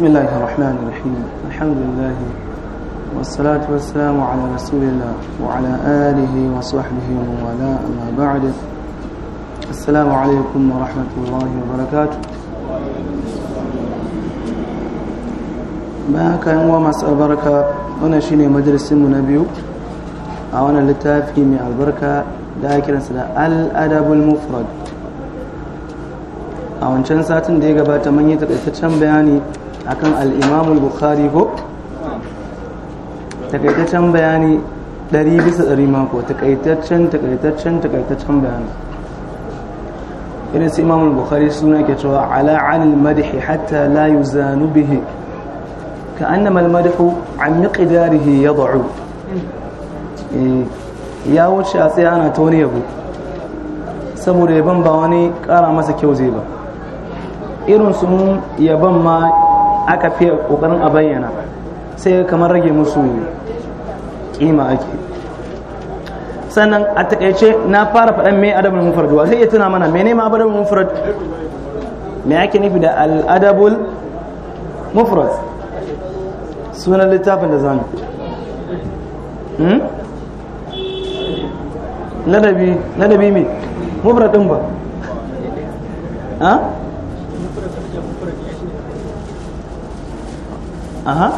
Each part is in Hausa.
بسم الله الرحمن الرحيم الحمد لله والصلاة والسلام على رسول الله وعلى آله وصحبه ولا أما بعد السلام عليكم ورحمة الله وبركاته ما كان هو مساء البركة هنا شيني مدرس النبي أنا لتافي مع البركة ذاكرا سلا الأدب المفرد a wancan satin da ya gabata manyan takaitaccen bayani akan al'imamul bukhari ko takaitaccen bayani ɗari bisa ɗari mako takaitaccen takaitaccen takaitaccen bayani irin su imamul bukhari suna ke cewa ala anil madihi hatta la yuzanu bihi ka annama almadihu an miqdarihi yad'u eh, ya wuce a tsaye ana ta wani yabo saboda yaban ba wani kara masa kyau zai ba irin su yaban ma aka fiye kokarin a bayyana sai kamar rage musu kima ake sannan a takaice na fara faɗan me adabul mufrad wa sai ya tuna mana mene ma adabul mufrad me ake nufi da al adabul mufrad sunan littafin da zamu hmm? ladabi ladabi me mufrad din ba ha aha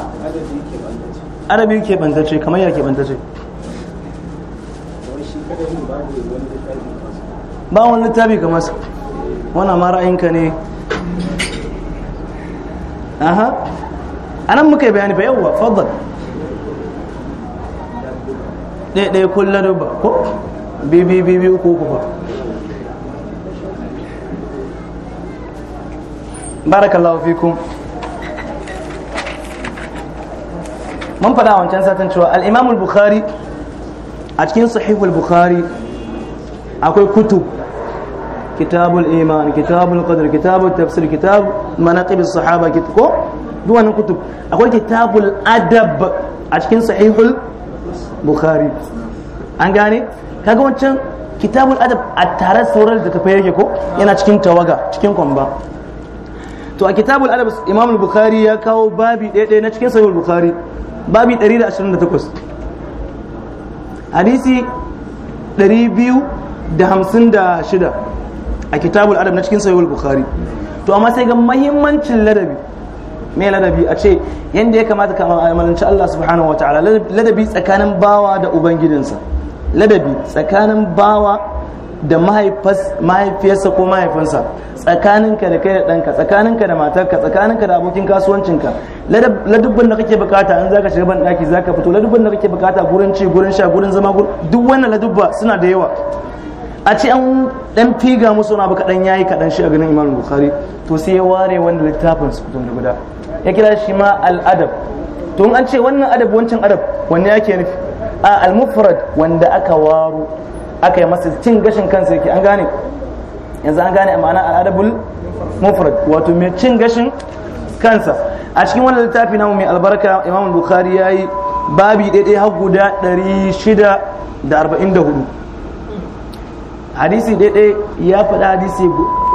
arabi ke bantace kamar ya ke bantace ba wani littafi kamar su wana mara ra'ayinka ne aha anan muka yi bayani fa yawwa faddal ɗaya ɗaya kulla dubba ko bibi bibi uku uku ba barakallahu fikum mun fada wancan satin cewa al-Imam al-Bukhari a cikin al Bukhari akwai kutub kitabul iman kitabul qadr kitabul tafsir kitab manaqib as-sahaba ko duk wannan kutub akwai kitabul adab a cikin al Bukhari an gane kaga wancan kitabul adab a tare sauran da tafai yake ko yana cikin tawaga cikin kwamba to a kitabul adab imam al-bukhari ya kawo babi ɗaya na cikin sahih al-bukhari babi 128 hadisi 256 a kitabul adab na cikin sayuwar bukhari to amma sai ga mahimmancin ladabi me ladabi a ce yadda ya kamata ka amalanci Allah subhanahu wa ta'ala ladabi tsakanin bawa da ubangidinsa ladabi tsakanin bawa da mahaifiyarsa ko mahaifinsa tsakaninka da kai da ɗanka tsakaninka da matarka tsakaninka da abokin kasuwancinka ladubban da kake bukata an zaka shiga banɗaki zaka fito ladubban da kake bukata gurin ci gurin sha gurin zama duk wannan ladubba suna da yawa a ce an dan figa musu na baka dan yayi kaɗan shi a ganin imam bukhari to sai ya ware wanda littafin su da guda ya kira shi ma al'adab to an ce wannan adab wancan adab wanne yake nufi a al-mufrad wanda aka waro aka yi masa cin gashin kansa yake an gane yanzu an gane ma'ana al'adabul mufrad wato mai cin gashin kansa a cikin wannan littafi namu mai albarka imam bukari ya yi babi daidai har guda 644 hadisi daidai ya faɗa hadisi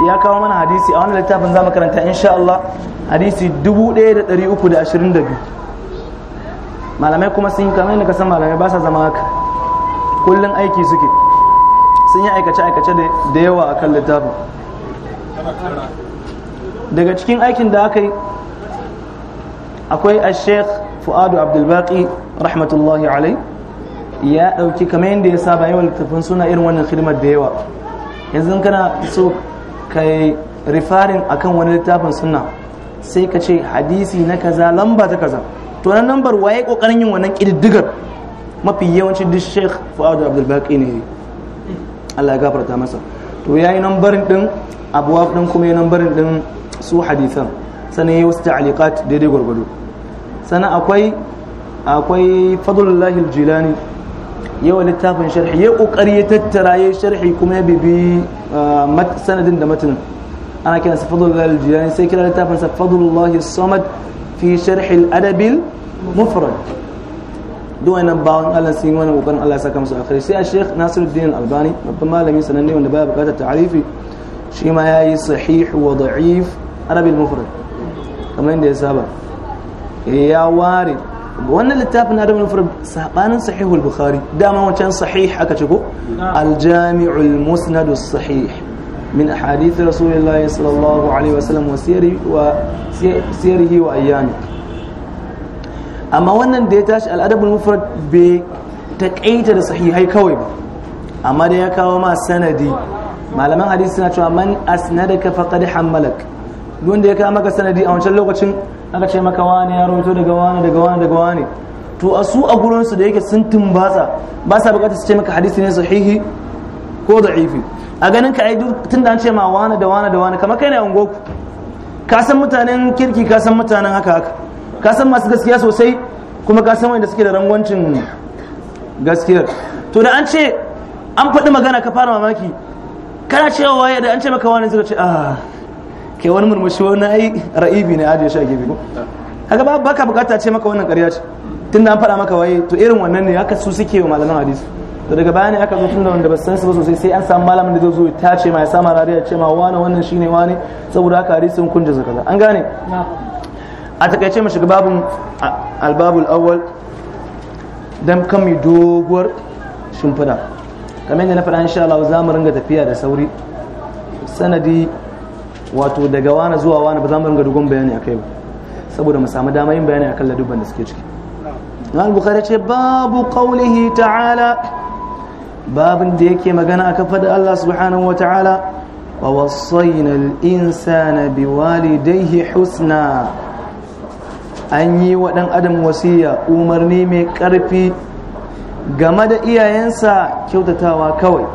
ya kawo mana hadisi a wannan littafin za mu karanta insha Allah hadisi 1322 malamai kuma sun yi kamar yadda ka san malamai ba sa zama haka kullum aiki suke sun yi aikace-aikace da yawa a kan littafin daga cikin aikin da aka yi akwai ashek fu'adu abdulbaki rahmatullahi alai ya ɗauki kamar yadda ya saba yawan littafin suna irin wannan hidimar da yawa yanzu kana so ka rifarin akan wani littafin suna sai ka ce hadisi na kaza lamba ta kaza to na lambar waye kokarin yin wannan kididdigar mafi yawancin duk sheikh fu'adu abdulbaki ne Allah ya gafarta masa to yayi nan barin din abuwaf din kuma yayi nan barin din su hadisan sannan yayi wasu ta'liqat daidai gwargwado sana akwai akwai fadlullahi aljilani ya yawa littafin sharhi ya kokari ya tattara ya sharhi kuma ya bibi ah, sanadin da matan ana kiransa fadlullah sai kira littafin sa fadlullah samad fi sharhi al-adab al-mufrad duk wannan bawan Allah sun yi wani kokarin Allah saka musu akhiri sai a Sheikh Nasiruddin Albani babban malami sananne wanda baya bukatar ta'arifi shi ma yayi sahih wa da'if arabil mufrad kamar yadda ya saba eh, ya ware wannan littafin arabil mufrad sabanin sahihul bukhari dama wancan sahih aka ce ko al-jami'ul musnad sahih من أحاديث رسول الله صلى الله عليه وسلم وسيره wa وأيامه amma wannan da ya tashi al'adabul mufrad bai kaita da sahihai kawai ba amma da ya kawo ma sanadi malaman hadisi suna cewa man asnadaka faqad hammalak duk da ya kawo maka sanadi a wancan lokacin aka ce maka wani ya rawaito daga wani daga wani daga wani to a su a gurin su da yake sun tumbatsa ba sa bukatar su ce maka hadisi ne sahihi ko da'ifi a ganin ka ai tunda an ce ma wani da wani da wani kamar kai ne ungoku ka san mutanen kirki ka san mutanen haka haka ka san masu gaskiya sosai kuma ka san wanda suke da rangwancin gaskiyar to da an ce an faɗi magana ka fara mamaki kana cewa waye da an ce maka wani zai ce ah ke wani murmushi wani ai ra'ibi ne ajiye shi a gefe ko haka ba baka bukata ce maka wannan ƙarya ce tunda an faɗa maka waye to irin wannan ne haka su suke wa malaman hadisi to daga baya ne aka zo tunda wanda ba san su ba sosai sai an samu malamin da zai zo ta ce ma ya sama rariya ce ma wani wannan shine wani saboda haka hadisin kun jaza kaza an gane a takaice mu shiga babun albabul awwal dan kan mu doguwar shimfida kamar yadda na faɗa insha Allah za mu ringa tafiya da sauri sanadi wato daga wani zuwa wani ba za mu ringa dogon bayani akai ba saboda mu samu dama yin bayani akan ladubban da suke ciki al-bukhari ce babu qawlihi ta'ala babin da yake magana a kafa da Allah subhanahu wa ta'ala wa wasaina al-insana biwalidayhi husna an yi wa ɗan adam wasiya umarni mai ƙarfi game da iyayensa kyautatawa kawai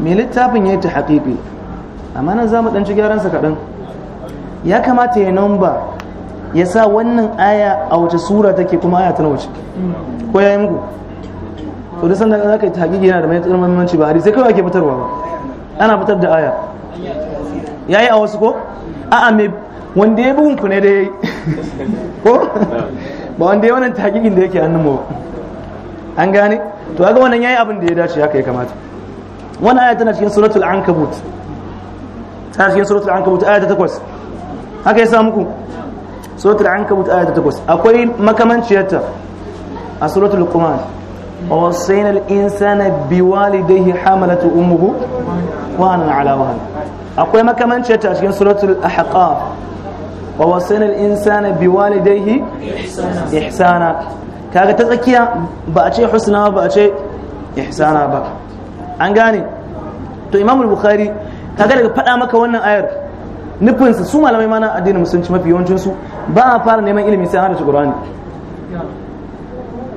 mai littafin ya yi ta haƙiƙi amma nan za mu ɗanci gyaransa kaɗan ya kamata ya namba ya sa wannan aya a wace sura take kuma aya ta wace ko ya yi muku to da sanda za ka yi ta haƙiƙi yana da mai muhimmanci ba hari sai kawai ake fitarwa ba ana fitar da aya ya yi a wasu ko a'a mai wanda ya bugun ne da ko ba wanda ya wannan takikin da yake hannun mu an gane to kaga wannan yayi abin da ya dace haka ya kamata wannan aya tana cikin suratul ankabut ta cikin suratul ankabut aya ta 8 haka ya sa muku suratul ankabut aya ta 8 akwai makamanciyarta a suratul qumar ووصينا الإنسان بوالديه حملة أمه وهنا على وهن أقول ما كمان شئت أشكين سورة الأحقاف wa wasan al-insana biwalidayhi ihsana kaga ta tsakiya ba a ce husna ba a ce ihsana ba an gane to imamul bukhari kaga daga faɗa maka wannan ayar nufinsa su malamai mana addinin musulunci mafi yawancinsu ba a fara neman ilimi sai an hada qur'ani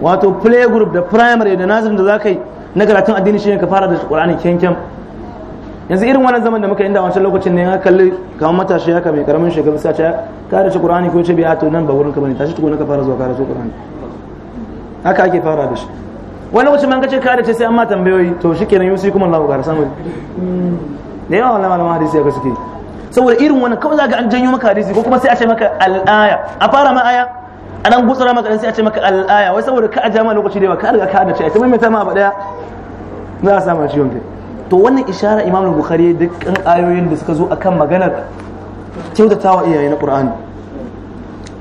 wato play group da primary da nazarin da zakai na karatun addini shine ka fara da qur'ani kyankyan yanzu irin wannan zaman da muka inda wancan lokacin ne ya kalli kamar matashi haka mai karamin shekaru sa ce ka da ci qur'ani ko ce a to nan ba gurin ka bane tashi tukuna ka fara zuwa karatu qur'ani haka ake fara da shi wani lokacin man kace ka da ce sai an ma tambayoyi to shikenan yusi kuma Allah ga samu da yawa wannan malaman hadisi haka suke saboda irin wannan kawai za ga an janyo maka hadisi ko kuma sai a ce maka al'aya a fara ma aya a nan gutsura maka dan sai a ce maka al'aya wai saboda ka a jama'a lokaci da yawa ka riga ka da ce ai ta ma ba daya za a samu ciwon kai to wannan isharar imam bukhari dukkan ayoyin da suka zo a akan maganar kyautatawa iyaye na qur'ani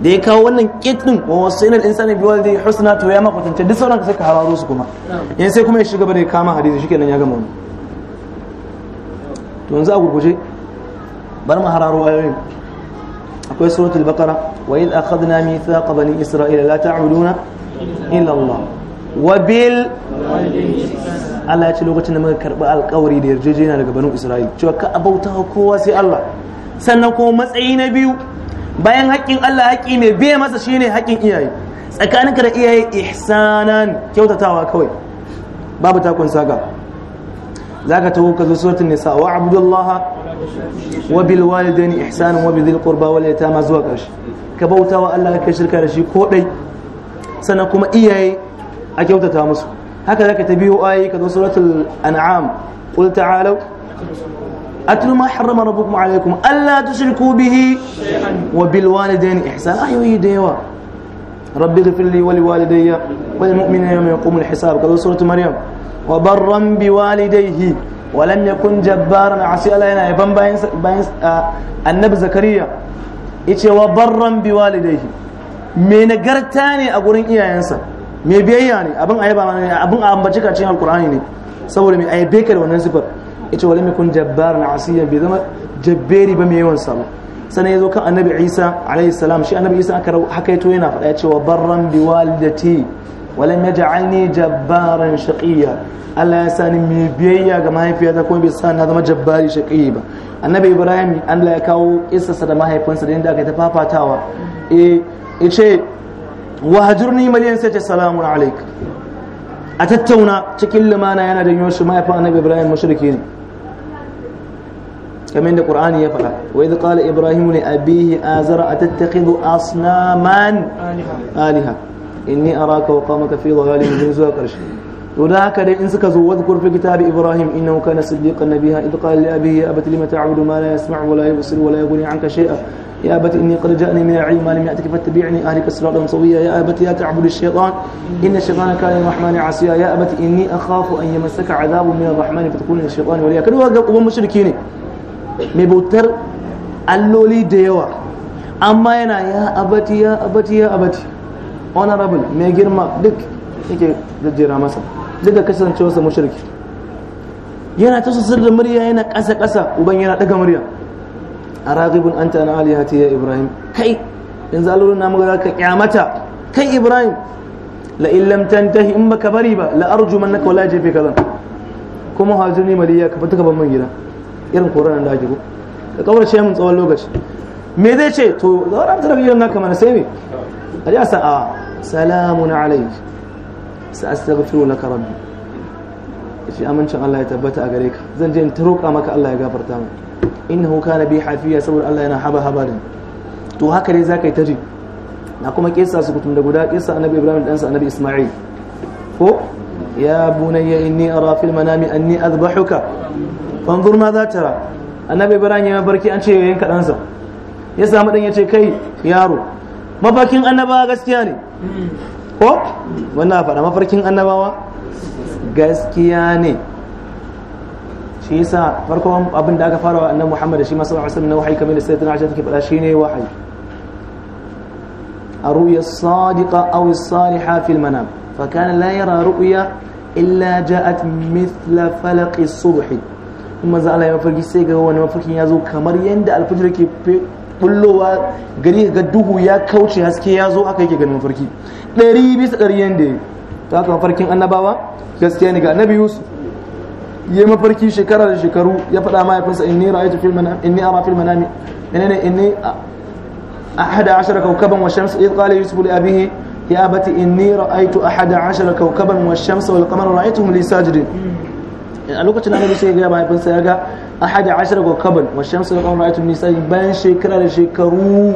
da ya kawo wannan kitin wa wasailal insani bi walidayhi husna to ya makwatance duk sauran sai ka hararo su kuma in sai kuma ya shiga bare kama hadisi shikenan ya gama wannan to yanzu a gurguje bar mu hararo ayoyin akwai suratul baqara wa idh akhadna mithaqa bani isra'ila la ta'buduna illa allah wabil. bil Allah ya ce lokacin da muka karɓi alkawari da yarjejeniya daga banu Isra'il cewa ka abauta kowa sai Allah sannan kuma matsayi na biyu bayan haƙƙin Allah haƙƙi mai biye masa shine haƙƙin iyaye tsakaninka da iyaye ihsanan kyautatawa kawai babu takon saka zaka taho ka zo suratul nisa wa abdullah wa bil walidaini ihsanan wa bil qurba wal yatama zuwa ƙarshe ka bautawa Allah ka shirka da shi ko dai sannan kuma iyaye أكيوتها مصر هكذا كتبيه آية كذو سورة الأنعام قل تعالوا أتلوا ما حرم ربكم عليكم ألا تشركوا به وبالوالدين إحسان أيها أيوة، يديوا رب اغفر لي ولوالدي وللمؤمن يوم يقوم الحساب كذو سورة مريم وبرا بوالديه ولم يكن جبارا عسي علينا يفهم باين آه، النبي زكريا يتشي وبرا بوالديه من قرتاني أقولين إياه ينسى mai biyayya ne abin a yaba ne abin a ambaci kacin alkur'ani ne saboda mai ayyabe ka da wannan sifar ita wale mai kun jabbar na asiyar bai zama jabberi ba mai yawan samu sannan ya zo kan annabi isa alayhi salam shi annabi isa aka haka yato yana faɗa cewa barran bi walidati walam yaj'alni jabbarin shaƙiya Allah ya sani mai biyayya ga ta kuma bai sa na zama jabbari shaƙiya ba annabi ibrahim Allah ya kawo isarsa da mahaifinsa da inda aka ta fafatawa eh ce wahajurni maliyan sai ta salamun alaik a tattauna cikin limana yana da yoshi mahaifin annabi ibrahim mushriki ne kamar da qur'ani ya faɗa wa idh qala ibrahim li abihi azara atattakhidhu asnaman aliha in inni araka wa qamaka fi dhalalin min zuwa karshe to da haka dai in suka zo wadhkur fi kitabi ibrahim na innahu kana siddiqan nabiyya idh qala li abihi abati lima ta'budu ma la yasma'u wa la wala ya la yughni 'anka shay'a يا أبت إني قد جاءني من العلم ما لم يأتك فاتبعني أهلك صراطا سويا يا أبت لا تعبد الشيطان إن الشيطان كان للرحمن عصيا يا أبت إني أخاف أن يمسك عذاب من الرحمن فتكون للشيطان وليا كانوا قوم مشركين mai bautar alloli da yawa amma yana ya abati ya abati ya abati honorable mai girma duk yake gajera masa duk da kasancewarsa yana ta da murya yana kasa ƙasa uban yana daga murya a ragibin an tana na alihati ya ibrahim kai in zalurin namu magana ka kyamata kai ibrahim la illam tantahi in baka bari ba la arjumannaka wala jefe kaza kuma hajirni mariya ka fita gaban man gida irin koran da ake ko ka shi mun tsawon lokaci me zai ce to zaura ta rabi naka mana sai me a ji a sa'a salamun alaik sa'astaghfiru laka rabbi shi amincin Allah ya tabbata a gare ka zan je in ta roƙa maka Allah ya gafarta mu innahu kana bi hafiya saboda Allah yana haba haba da to haka dai zaka yi ta na kuma kissa su kutum da guda kissa annabi Ibrahim dan sa annabi Isma'il ko ya bunayya inni ara fil manami anni azbahuka fanzur ma za tara annabi Ibrahim ya barki an ce yanka dan sa ya samu dan ya ce kai yaro mafarkin annabawa gaskiya ne ko wannan faɗa mafarkin annabawa gaskiya ne shi yasa farkon abin da aka fara wa annabi Muhammad shi ma sallallahu alaihi wasallam na wahayi kamar da sayyidina Aisha take faɗa shine wahayi الرؤيا الصادقة أو manam fa kana la yara ru'ya illa ja'at mithla مثل as-subh kuma za Allah ya mafarki sai ga wani mafarkin ya zo kamar yadda alfajir ke kullowa gari ga duhu ya kauce haske ya zo haka yake ganin mafarki ɗari bisa ɗari yadda ya ta haka mafarkin annabawa gaskiya ne ga annabi yusuf yi mafarki shekara da shekaru ya faɗa mahaifinsa inni ra'aytu fil manam inni ara fil manami menene inni ahada ashara kawkaban wa shams id qala yusuf li abihi ya abati inni ra'aytu ahada ashara kawkaban wa shams wal qamara ra'aytuhum mulisa jirin eh, a lokacin annabi sai ya ga mahaifinsa ya ga ahada ashara kawkaban wa shams wal qamara ra'aytuhum li sajidin bayan shekara da shekaru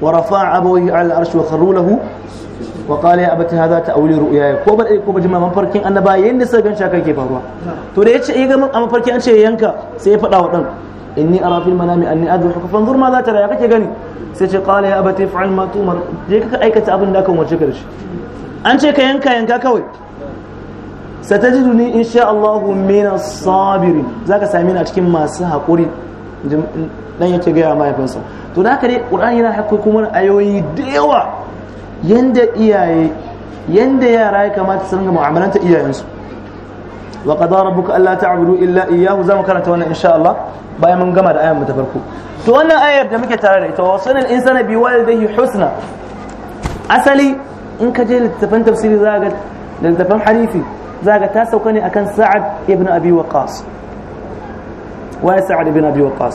wa rafa'a abawahi 'ala al wa kharru lahu wa qala ya abati hadha ta'awili ru'yaya ko ba dai ko ba jima mafarkin annaba yanda sai gan shaka ke faruwa to da yace ga mun a mafarki an ce yanka sai ya faɗa wa dan inni ara fil manami anni adhuhu fanzur ma za tara ya kake gani sai ce qala ya abati fa'al ma tumar je ka aikata abin da kan wace karshe an ce ka yanka yanka kawai satajiduni insha allahu min as-sabirin zaka sami ni a cikin masu hakuri dan yake ga mahaifinsa to da haka dai qur'ani yana hakuri kuma ayoyi da yawa yanda iyaye yanda yara ya kamata su ringa mu'amalanta iyayensu wa qada rabbuka alla ta'budu illa iyyahu zamu karanta wannan insha Allah bayan mun gama da ayar mu ta farko to wannan ayar da muke tare da ita wa sunan insana bi walidayhi husna asali in ka je littafin tafsiri za ga littafin harifi za ga ta sauka ne akan sa'ad ibn abi waqas wa sa'ad ibn abi waqas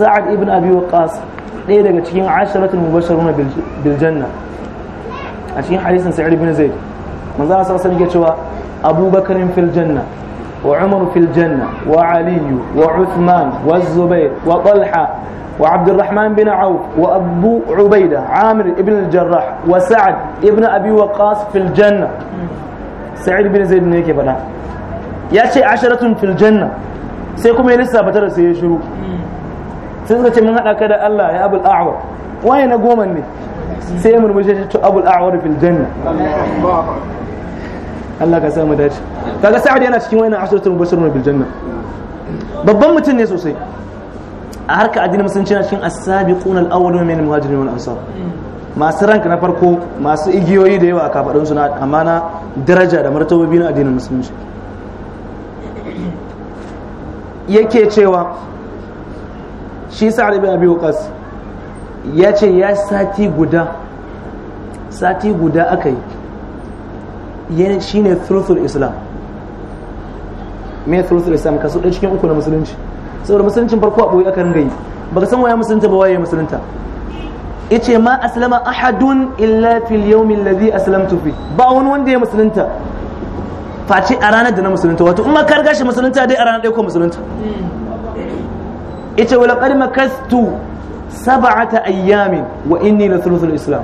sa'ad ibn abi waqas ɗaya daga cikin asharatul mubashiruna bil janna a cikin hadisin sa'id ibn zaid manzo Allah sallallahu alaihi cewa abubakar fil janna wa umar fil janna wa ali wa uthman wa zubair wa talha وعبد الرحمن بن عوف وأبو عبيدة عامر jarrah wa وسعد ibn abi وقاص في الجنة sa'ir بن زيد ne yake faɗa ya ce asharatun fil janna sai kuma ya lissafa tare sai ya shiru sai suka ce mun haɗa ka da Allah ya abul a'war waye na goma ne sai ya murmushe shi to abul a'war fil janna Allah ka samu dace kaga sa'ad yana cikin wayannan ashratul mubashirun bil janna babban mutum ne sosai a harka addinin musulunci yana cikin as sabiqun al awwalun min al-muhajirin wal ansar masu ranka na farko masu igiyoyi da yawa a kafadun su na amana daraja da martabobi na addinin musulunci yake cewa shi sa da abi waqas ya ce ya sati guda sati guda aka yi shi ne thrusul islam me thrusul islam Kasu ɗaya cikin uku na musulunci saboda musuluncin farko a ɓoye aka ringa yi baka san waya musulunta ba waye musulunta ce ma aslama ahadun illa fil yawmi alladhi aslamtu fi ba wani wanda ya musulunta face a ranar da na musulunta wato in ma ka riga shi musulunta dai a ranar ɗaya ko musulunta hmm. ita wala qad kastu sab'ata ayyamin wa inni la thuluthul islam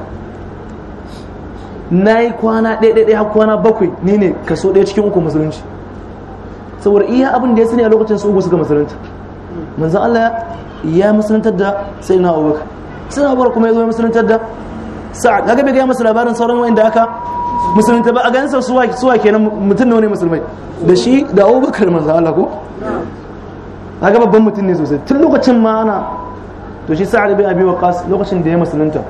yi kwana ɗaya ɗaya har kwana bakwai ni ne kaso ɗaya cikin uku musulunci saboda iya abin da ya sani a lokacin su uku suka musulunta manzo Allah ya musuluntar da sayyidina Abubakar na Abubakar kuma ya zo ya musuluntar da sa'ad kaga bai ga masa labarin sauran wanda aka musulunta ba a ganin sa suwa suwa kenan mutum ne musulmai da shi da Abubakar manzo Allah ko kaga babban mutum ne sosai tun lokacin ma ana to shi sa'ad bin abi waqas lokacin da ya musulunta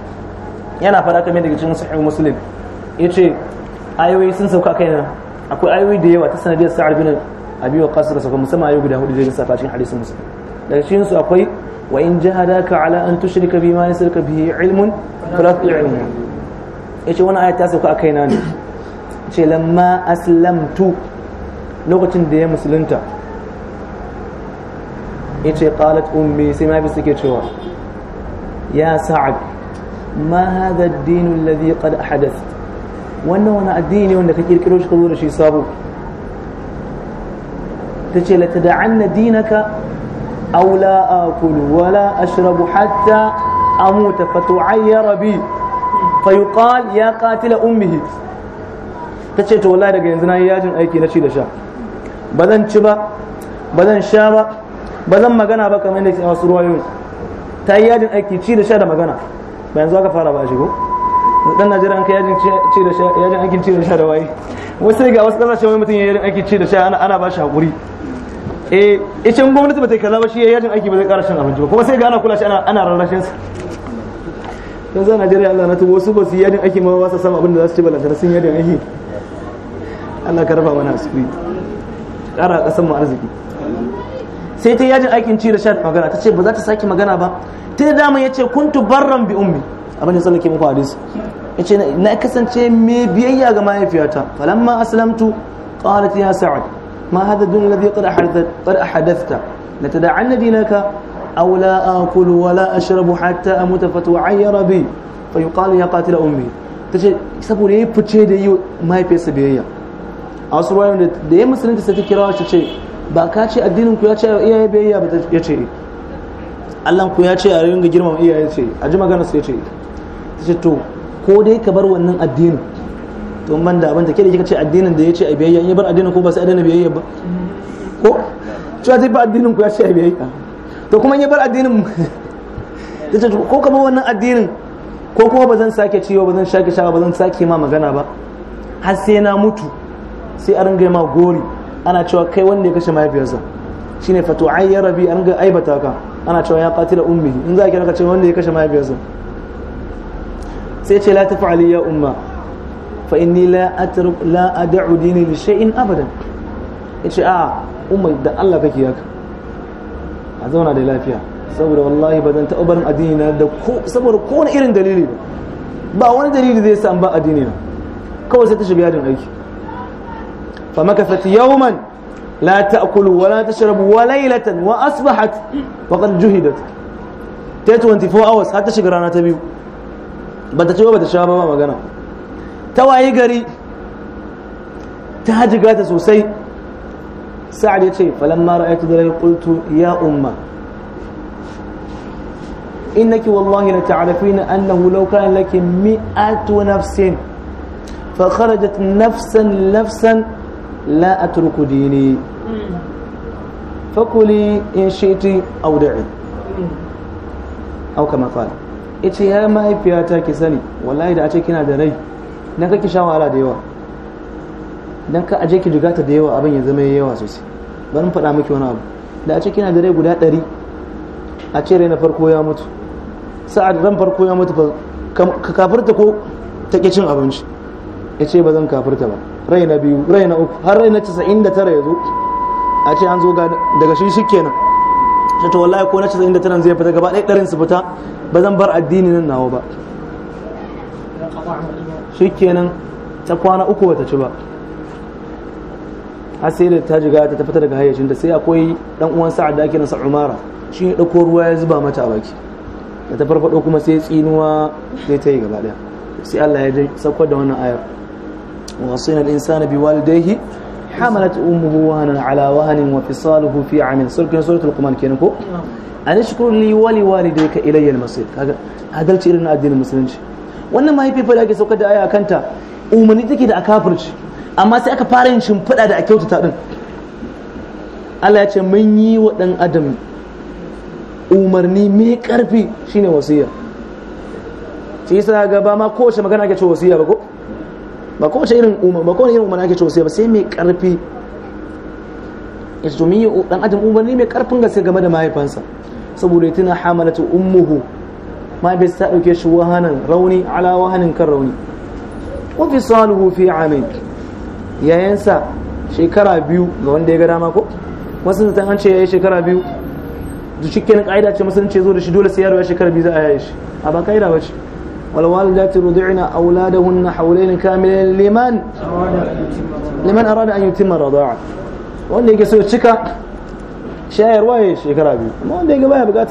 yana fara kame daga cikin sahih muslim yace ayoyi sun sauka kaina akwai ayoyi da yawa ta sanadiyar sa'ad bin abi waqas da sauka musamman ayoyi guda hudu da ya lissafa cikin hadisin muslim daga cikin su akwai wa in jahadaka ala an tushrika bima yasirka bihi ilmun fala tu'ilmu yace wannan aya ta sauka a kaina ne ce lamma aslamtu lokacin da ya musulunta yace qalat ummi sai mahaifiyarsa ke cewa ya sa'ad ma hadha ad-din alladhi qad wannan wani addini wanda ka kirkiro shi ka zo da shi sabo tace la tad'anna dinaka aw la akulu wa la ashrabu hatta amuta fatu'ayyara bi fayuqal ya qatila ummihi tace to wallahi daga yanzu na yi yajin aiki na ci da sha ba zan ci ba ba zan sha ba ba zan magana ba kamar yadda wasu yau ta yi yajin aiki ci da sha da magana ba yanzu aka fara ba shi ko dan najeriya an kai yajin ci da sha yajin aikin ci da sha da waye wasu ga wasu kasashe wani mutum ya yajin aiki ci da sha ana ba shi hakuri eh icin gwamnati ba ta kaza ba shi ya yajin aiki ba zai ƙara shan abinci ba kuma sai ga ana kula shi ana rarrashin sa dan za najeriya Allah na tubo su ba su yajin aiki ma ba su san abin da za su ci balantana sun yajin aiki Allah ka rafa mana asiri ƙara ƙasar mu arziki sai ta yajin aikin ci da sha magana ta ce ba za ta sake magana ba ta da dama ya ce kuntu barran bi ummi abin da tsallake muku hadisi ya ce na kasance mai biyayya ga mahaifiyata falamma aslamtu qalat ya sa'ad ma hadha dun ladhi qad ahadath qad ahadathta la tad'anna dinaka aw la akulu wa la ashrabu hatta amuta fatu'ayyara bi fa yuqalu ya qatila ummi ta ce saboda ya fice da yi mahaifiyarsa biyayya a wasu ruwayoyin da ya musulunta sai ta kira shi ce ba ka ce addinin ku ya ce iyaye biyayya ba ya ce eh. Allah ku ya ce a ringa girmama iyaye ce a ji magana sai ce eh. ta ce to ko dai ka bar wannan addinin to man da abin da ke da kika ce addinin da ya ce a biyayya in ya bar addinin ko ba sai adana biyayya ba ko cewa zai ba addinin ku ya ce a biyayya to kuma in ya bar addinin ta ce ko ka bar wannan addinin ko kuma ba zan sake ciwo ba zan sake shawa ba zan sake ma magana ba har sai na mutu sai a ringa ma gori ana cewa kai wanda ya kashe mahaifiyarsa shine fatu ayyara rabi an ga aibata ka ana cewa ya da ummi in za a kira ka ce wanda ya kashe mahaifiyarsa sai ce la tafi ya umma fa inni la atruk la dini li shay'in abadan ce a umma da Allah kake haka a zauna da lafiya saboda wallahi ba zan taɓa barin addini na da ko saboda kowane irin dalili ba wani dalili zai sa an ba addini na kawai sai ta shiga yadin aiki فمكثت يوما لا تأكل ولا تشرب وليلة وأصبحت وقد جهدت تيتو انت فو أوس حتى شكرانا تبيو باتتوا باتشابا ما مغانا توا يقري تهج قاتا سوسي سعد يتشي فلما رأيت ذلك قلت يا أمة إنك والله لتعرفين أنه لو كان لك مئة نفس فخرجت نفسا نفسا لا أترك ديني فقلي in شئت أو دعي أو كما قال ita ya mahaifiya ta ki sani wallahi da a ce kina da rai dan kake sha wahala da yawa dan ka aje ki jigata da yawa abin ya zama yawa sosai bari mu faɗa miki wani abu da a ce kina da rai guda ɗari a ce rai na farko ya mutu sa'ad ran farko ya mutu ka kafirta ko take cin abinci ya ce ba zan kafirta ba rai na biyu rai na uku har rai na casa'in da tara ya zo a ce an zo daga shi shi kenan shi ta wallahi ko na casa'in da tara zai fita gaba ɗaya ɗarin su fita ba zan bar addini nan nawa ba shi kenan ta kwana uku ta ci ba har sai da ta jiga ta fita daga da sai akwai dan uwan sa'ad da ake nasa umara shi ne ɗauko ruwa ya zuba mata a baki da ta farfaɗo kuma sai tsinuwa sai ta yi gaba ɗaya sai Allah ya saukar da wannan ayar ووصينا الإنسان بوالديه حملت أمه وهنا على وهن وفصاله في عام سورة سورة القمان كينكو أن اشكر لي ولوالديك إلي المصير wannan mahaifiyar da ke saukar da aya kanta umarni take da a kafirci amma sai aka fara yin shimfiɗa da a kyautata din Allah ya ce mun yi wa ɗan adam umarni mai ƙarfi shine wasiya shi yasa ga ba ma kowace magana ake ce wasiya ba ko ba ko irin umma ba ko irin umma ake cewa sai ba sai mai karfi ita mi dan adam ne mai karfin gaske game da mahaifansa saboda ya tuna umuhu ummuhu bai sa dauke shi wahanan rauni ala wahanin kan rauni wa fi saluhu fi amin yayansa shekara biyu ga wanda ya ga dama ko wasu zan an ce yayi shekara biyu duk cikin ka'ida ce musulunci zo da shi dole sai yaro ya shekara biyu za a yaye shi a ba ka'ida ba ce والوالدات يرضعن أولادهن حولين كاملين لمن liman arada an yutimma rada'a wanda yake so ya cika shayarwa ya shekara biyu amma wanda yake baya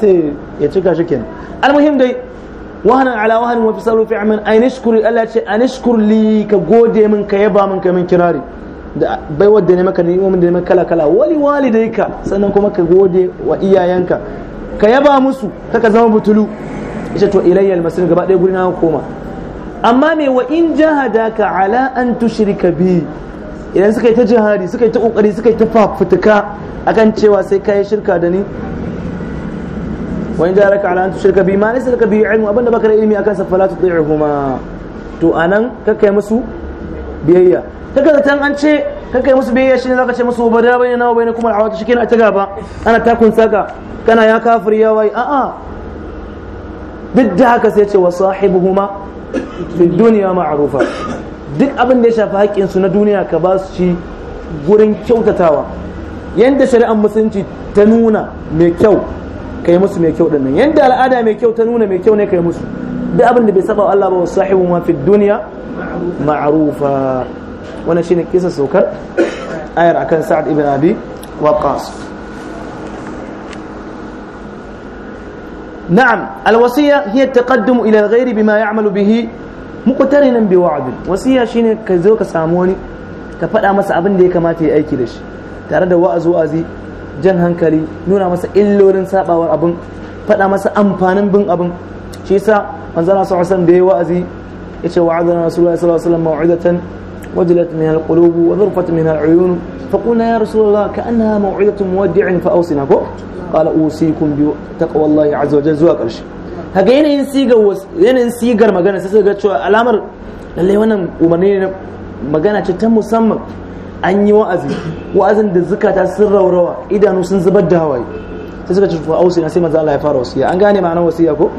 ya cika shi kenan almuhim dai wahanan ala wahanin wa fisalu fi amin ce an nashkur li ka gode min ka yaba min kirari bai wadda ne maka ni'imomin da ne maka kala kala wali ka sannan kuma ka gode wa iyayenka ka yaba musu kaka zama butulu ita to ilayya almasir gaba ɗaya guri na koma amma me wa in ka ala an tushrika bi idan suka yi ta jihadi suka yi ta kokari suka yi ta fafutuka akan cewa sai ka yi shirka da ni wa in ka ala an tushrika bi ma ne suka bi ilmu abinda baka da ilmi akan sa fala kuma. to anan kakkai musu biyayya kaga zaton an ce yi musu biyayya shine zaka ce musu bada bayyana wa bayyana kuma al'awata shikenan a ta gaba ana takun saka kana ya kafir ya wai a'a duk da haka sai ce wa sahibuhuma fi duniya ma'rufa duk abin da ya shafi haƙƙin su na duniya ka ba su shi gurin kyautatawa yanda shari'ar musulunci ta nuna mai kyau kai musu mai kyau nan yanda al'ada mai kyau ta nuna mai kyau ne kai musu duk abin da bai saba Allah ba wa sahibuhuma fi duniya ma'rufa wannan shine kisa saukar ayar akan Sa'ad ibn Abi Waqqas نعم الوصية هي التقدم إلى الغير بما يعمل به مقترنا بوعد وصية شيني كزوك ساموني كفتا مسا أبن ya كما تي أيكي لش تارد وأز وأزي jan hankali nuna masa illolin sabawar abin faɗa masa amfanin bin abin shi yasa manzon Allah sallallahu alaihi da yayi wa'azi yace wa'adana rasulullahi sallallahu alaihi wasallam mau'izatan wajilat min alqulub wa dhurfat min al'uyun fa qulna ya rasulullah ka'annaha mau'izatun muwaddi'in fa awsina ko qala usikum bi taqwallahi azza wa jalla zuwa karshe kaga yanayin sigar yanayin sigar magana sai ga cewa alamar lallai wannan umarni ne magana ce ta musamman an yi wa'azi wa'azin da ta sun raurawa idanu sun zubar da hawaye sai suka ce fa ausi na sai manzo Allah ya fara wasiya an gane ma'anar wasiya ko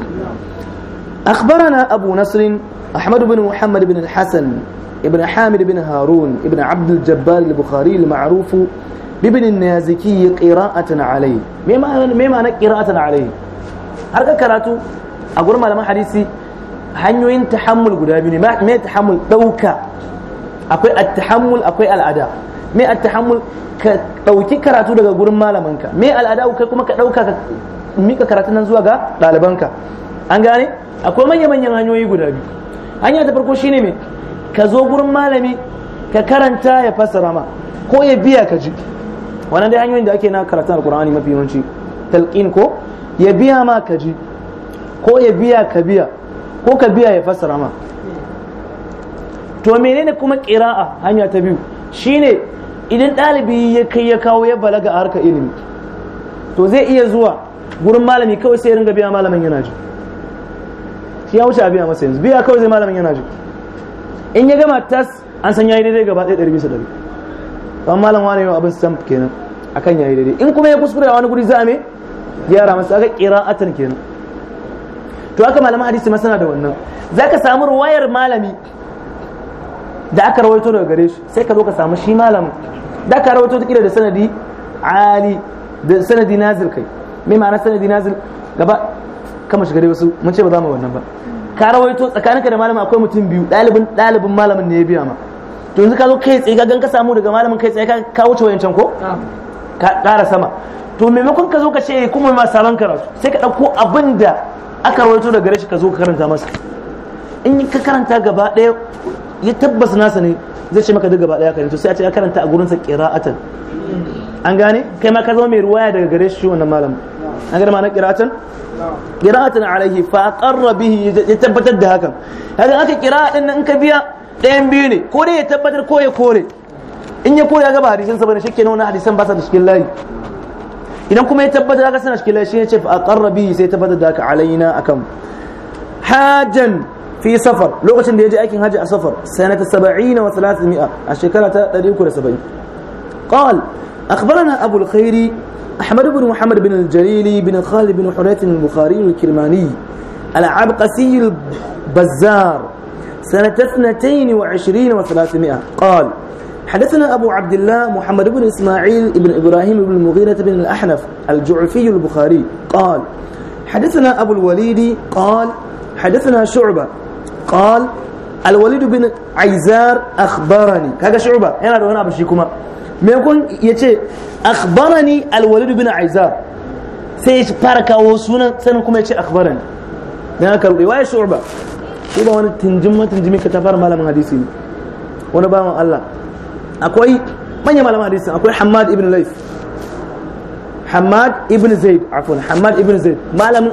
akhbarana abu nasr ahmad bin muhammad bin hassan ibn hamid bin harun ibn abdul al-jabbar al-bukhari al-ma'ruf bibin naziki qira'atan alayhi me ma'ana me ma'ana qira'atan alayhi har ka karatu a gurin malaman hadisi hanyoyin tahammul guda biyu ne me tahammul dauka akwai at-tahammul akwai al'ada me at-tahammul ka dauki karatu daga gurin malamanka me al'ada kai kuma ka dauka ka mika karatu nan zuwa ga ɗalibanka an gane akwai manya manyan hanyoyi guda biyu hanya ta farko shine me ka zo gurin malami ka karanta ya fassara ma ko ya biya ka ji wannan dai hanyoyin da ake na karatun alkur'ani mafi yawanci talqin ko ya biya ma ka ji ko ya biya ka biya ko ka biya ya fassara ma to menene kuma qira'a hanya ta biyu shine idan ɗalibi ya kai ya kawo ya balaga a harkar ilimi to zai iya zuwa gurin malami kawai sai ya ringa biya malamin yana ji shi ya wuce a biya masa yanzu biya kawai zai malamin yana ji in ya gama tas an san yayi daidai gaba ɗaya ɗari bisa ɗari don malam wani yau abin san kenan akan yayi daidai in kuma ya kuskure a wani guri za a me gyara masa aka qira'atan kenan to aka malaman hadisi masana da wannan zaka samu ruwayar malami da aka rawaito daga gare shi sai ka zo ka samu shi malamin da aka rawaito ta kira da sanadi ali da sanadi nazil kai me ma'ana sanadi nazil gaba kama shiga dai wasu mun ce ba za mu wannan ba ka rawaito tsakaninka da malamin akwai mutum biyu ɗalibin ɗalibin malamin ne ya biya ma to yanzu ka zo kai tsaye ka gan ka samu daga malamin kai tsaye ka wuce wayancan ko ka ƙara sama to maimakon ka zo ka ce kuma ma sabon karatu sai ka ɗauko abin da aka rawaito daga shi ka zo ka karanta masa in ka karanta gaba ɗaya ya tabbas nasa ne zai ce maka duk gaba ɗaya karanta sai a ce ya karanta a gurinsa ƙira'atan an gane kai ma ka zama mai ruwaya daga gare shi wannan malam an gane ma'anar ƙira'atan ƙira'atan alaihi fa aqarra bihi ya tabbatar da hakan haka aka ƙira'a din in ka biya ɗayan biyu ne ko dai ya tabbatar ko ya kore in ya koya gaba hadisan sa bane shi kenan wannan hadisan ba sa da cikin layi idan kuma ya tabbata haka suna cikin layi shi ne ce fa aqarra bi sai tabbata da haka alaina akan hajan fi safar lokacin da ya je aikin haji a safar sanata 70 wa 300 a shekara ta 370 qal akhbarana abu al-khairi أحمد بن محمد بن الجليلي بن خالد بن حريث البخاري الكرماني العبقسي البزار سنة اثنتين وعشرين وثلاثمائة قال حدثنا أبو عبد الله محمد بن إسماعيل بن إبراهيم بن المغيرة بن الأحنف الجعفي البخاري قال حدثنا أبو الوليد قال حدثنا شعبة قال الوليد بن عيزار أخبرني كذا شعبة أنا رونا بشيكما maimakon ya ce akhbarani alwalidu bin aizar sai ya fara kawo sunan sanin kuma ya ce akhbarani dan haka rubi waye shu'ba shu'ba wani tinjin matinjimi ka ta fara hadisi ne wani Allah akwai manyan malaman hadisi akwai hamad ibn laif hamad ibn zaid afon hamad ibn zaid malamin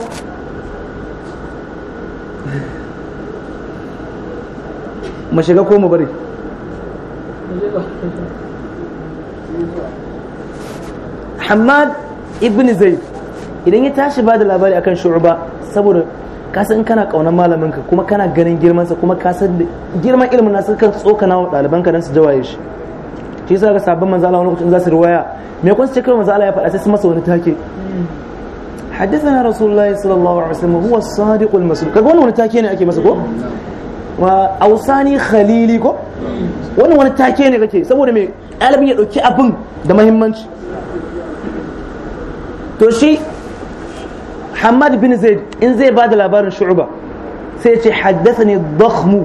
mu shiga ko mu bari hamad ibn zaid idan ya tashi ba da labari akan shu'ba saboda kasan kana kaunar malaminka kuma kana ganin girmansa kuma kasan girman ilimin nasu kan tsokana wa ɗalibanka don su jawaye shi shi yasa ga sabon manzo Allah wani lokacin za su riwaya me kun ce kawai manzo Allah ya faɗa sai su masa wani take حدثنا رسول الله صلى الله عليه وسلم هو الصادق المسلوب kaga wannan wani take ne ake masa ko wa ausani khalili ko wannan wani take ne kake saboda me ɗalibin ya ɗauki abin da muhimmanci to shi Hamad bin Zaid in zai ba da labarin shu'ba sai ce haddathani dhakhmu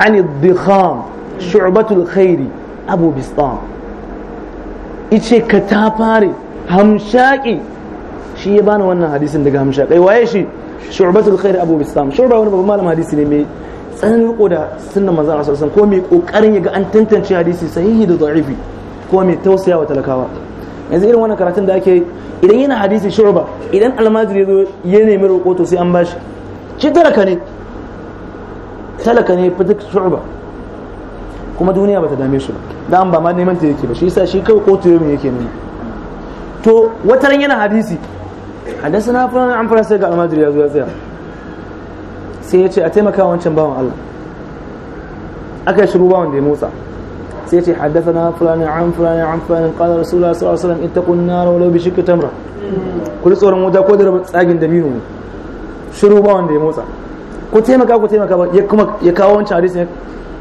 an ad-dikham shu'batul khairi abu bistam ice ka ta fare hamshaki shi ya bani wannan hadisin daga hamshaki waye shi shu'batul khair abu bistam shu'ba wani babban malam hadisi ne mai tsanin riko da sunnan manzon Allah sallallahu ko mai kokarin yaga an tantance hadisi sahihi da da'ifi ko mai tausaya wa talakawa yanzu irin wannan karatun da ake idan yana hadisi shu'ba idan almajiri yazo ya nemi roƙo to sai an bashi shi talaka ne talaka ne fa duk shu'ba kuma duniya bata dame su ba dan ba ma neman ta yake ba shi yasa shi kawai kotu yau yake nuna. to wata ran yana hadisi hadasana fulan an fara sai ga almajiri ya zo ya tsaya sai ya ce a taimaka wancan bawan Allah aka shiru bawan da ya motsa sai ya ce haddasana fulani an fulani an fulani qala rasulullah sallallahu alaihi wasallam ittaqun nar walau bi shikki tamra Kuli tsoron wuta ko da tsagin da minu shiru bawan da ya motsa ku taimaka ku taimaka ba ya kuma ya kawo wancan hadisin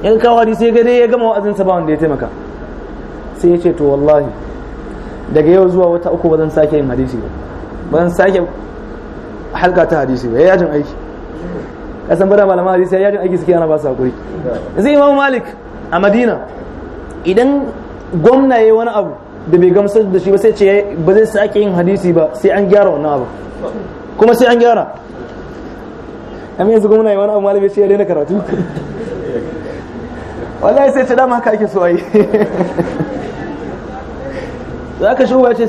in kawo hadisi ya gade ya gama wa'azin ba wanda ya taimaka sai ya ce to wallahi daga yau zuwa wata uku wajen sake yin hadisi ba wajen sake halka ta hadisi ba ya yajin aiki kasan bada malaman hadisi ya yajin aiki suke ana ba su hakuri yanzu imamu malik a madina idan gwamna ya wani abu da bai gamsar da shi ba sai ce ba zai sake yin hadisi ba sai an gyara wannan abu kuma sai an gyara amma yanzu gwamna ya wani abu malamai sai ya daina karatu wallahi sai ta dama haka ake so ayi za ka shuba ce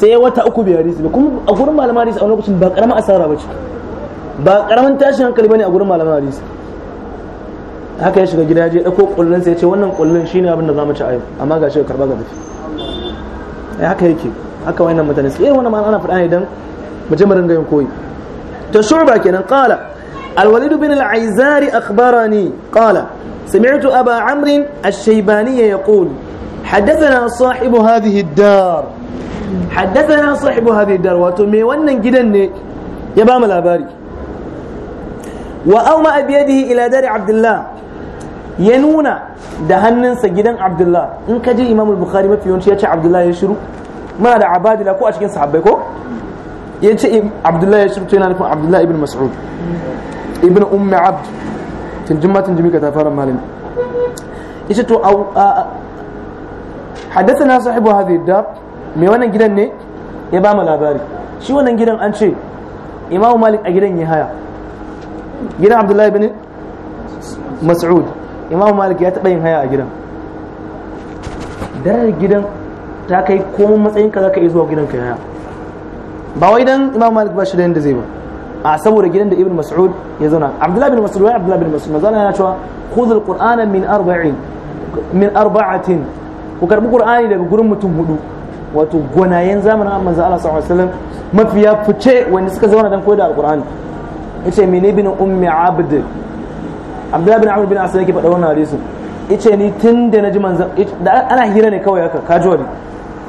sai wata uku bai hadisi kuma a gurin malaman hadisi a wani lokacin ba karamin asara ba ce ba karamin tashin hankali bane a gurin malaman hadisi haka ya shiga gida je ɗauko kullun sai ya ce wannan kullun shine abin da za mu ci yau amma ga shi ka karba ga tafi eh haka yake haka wannan mutane sai eh, wannan ma ana faɗa ne dan mu je mu ringa yin koyi to shurba kenan qala الوليد بن العيزاري akhbarani qala سمعت أبا عمرو الشيباني يقول حدثنا صاحب هذه الدار حدثنا صاحب هذه الدار واتمي wannan gidan ne ya ba mu labari wa awma biyadihi ila dari abdullah ya nuna da hannunsa gidan abdullah in ka ji imamul bukhari mafi yawanci ya ce abdullah ya shiru muna da abadila ko a cikin sahabbai ko ya ce ya shiru abd tunjin ma tunjin ka ta fara malami yace to haddathana sahibu hadhihi da me wannan gidan ne ya ba mu labari shi wannan gidan an ce imamu malik a gidan ya haya gidan abdullahi bin mas'ud imamu malik ya taɓa yin haya a gidan Darar gidan ta kai komai matsayin ka za ka iya zuwa gidan ka haya ba wai dan imamu malik ba shi da yadda zai ba a saboda gidan da ibn mas'ud ya zauna abdullahi bin mas'ud wai abdullahi bin mas'ud manzo yana cewa khudh alqur'ana min arba'in min arba'atin ku karbi qur'ani daga gurin mutum hudu wato gwanayen zamanin za Allah sallallahu alaihi wasallam mafiya fice wanda suka zauna dan koyar da alqur'ani yace min ibn ummi abd abdullahi bin amr bin asad yake faɗa wannan hadisi yace ni tun da naji manzo ana hira ne kawai haka casually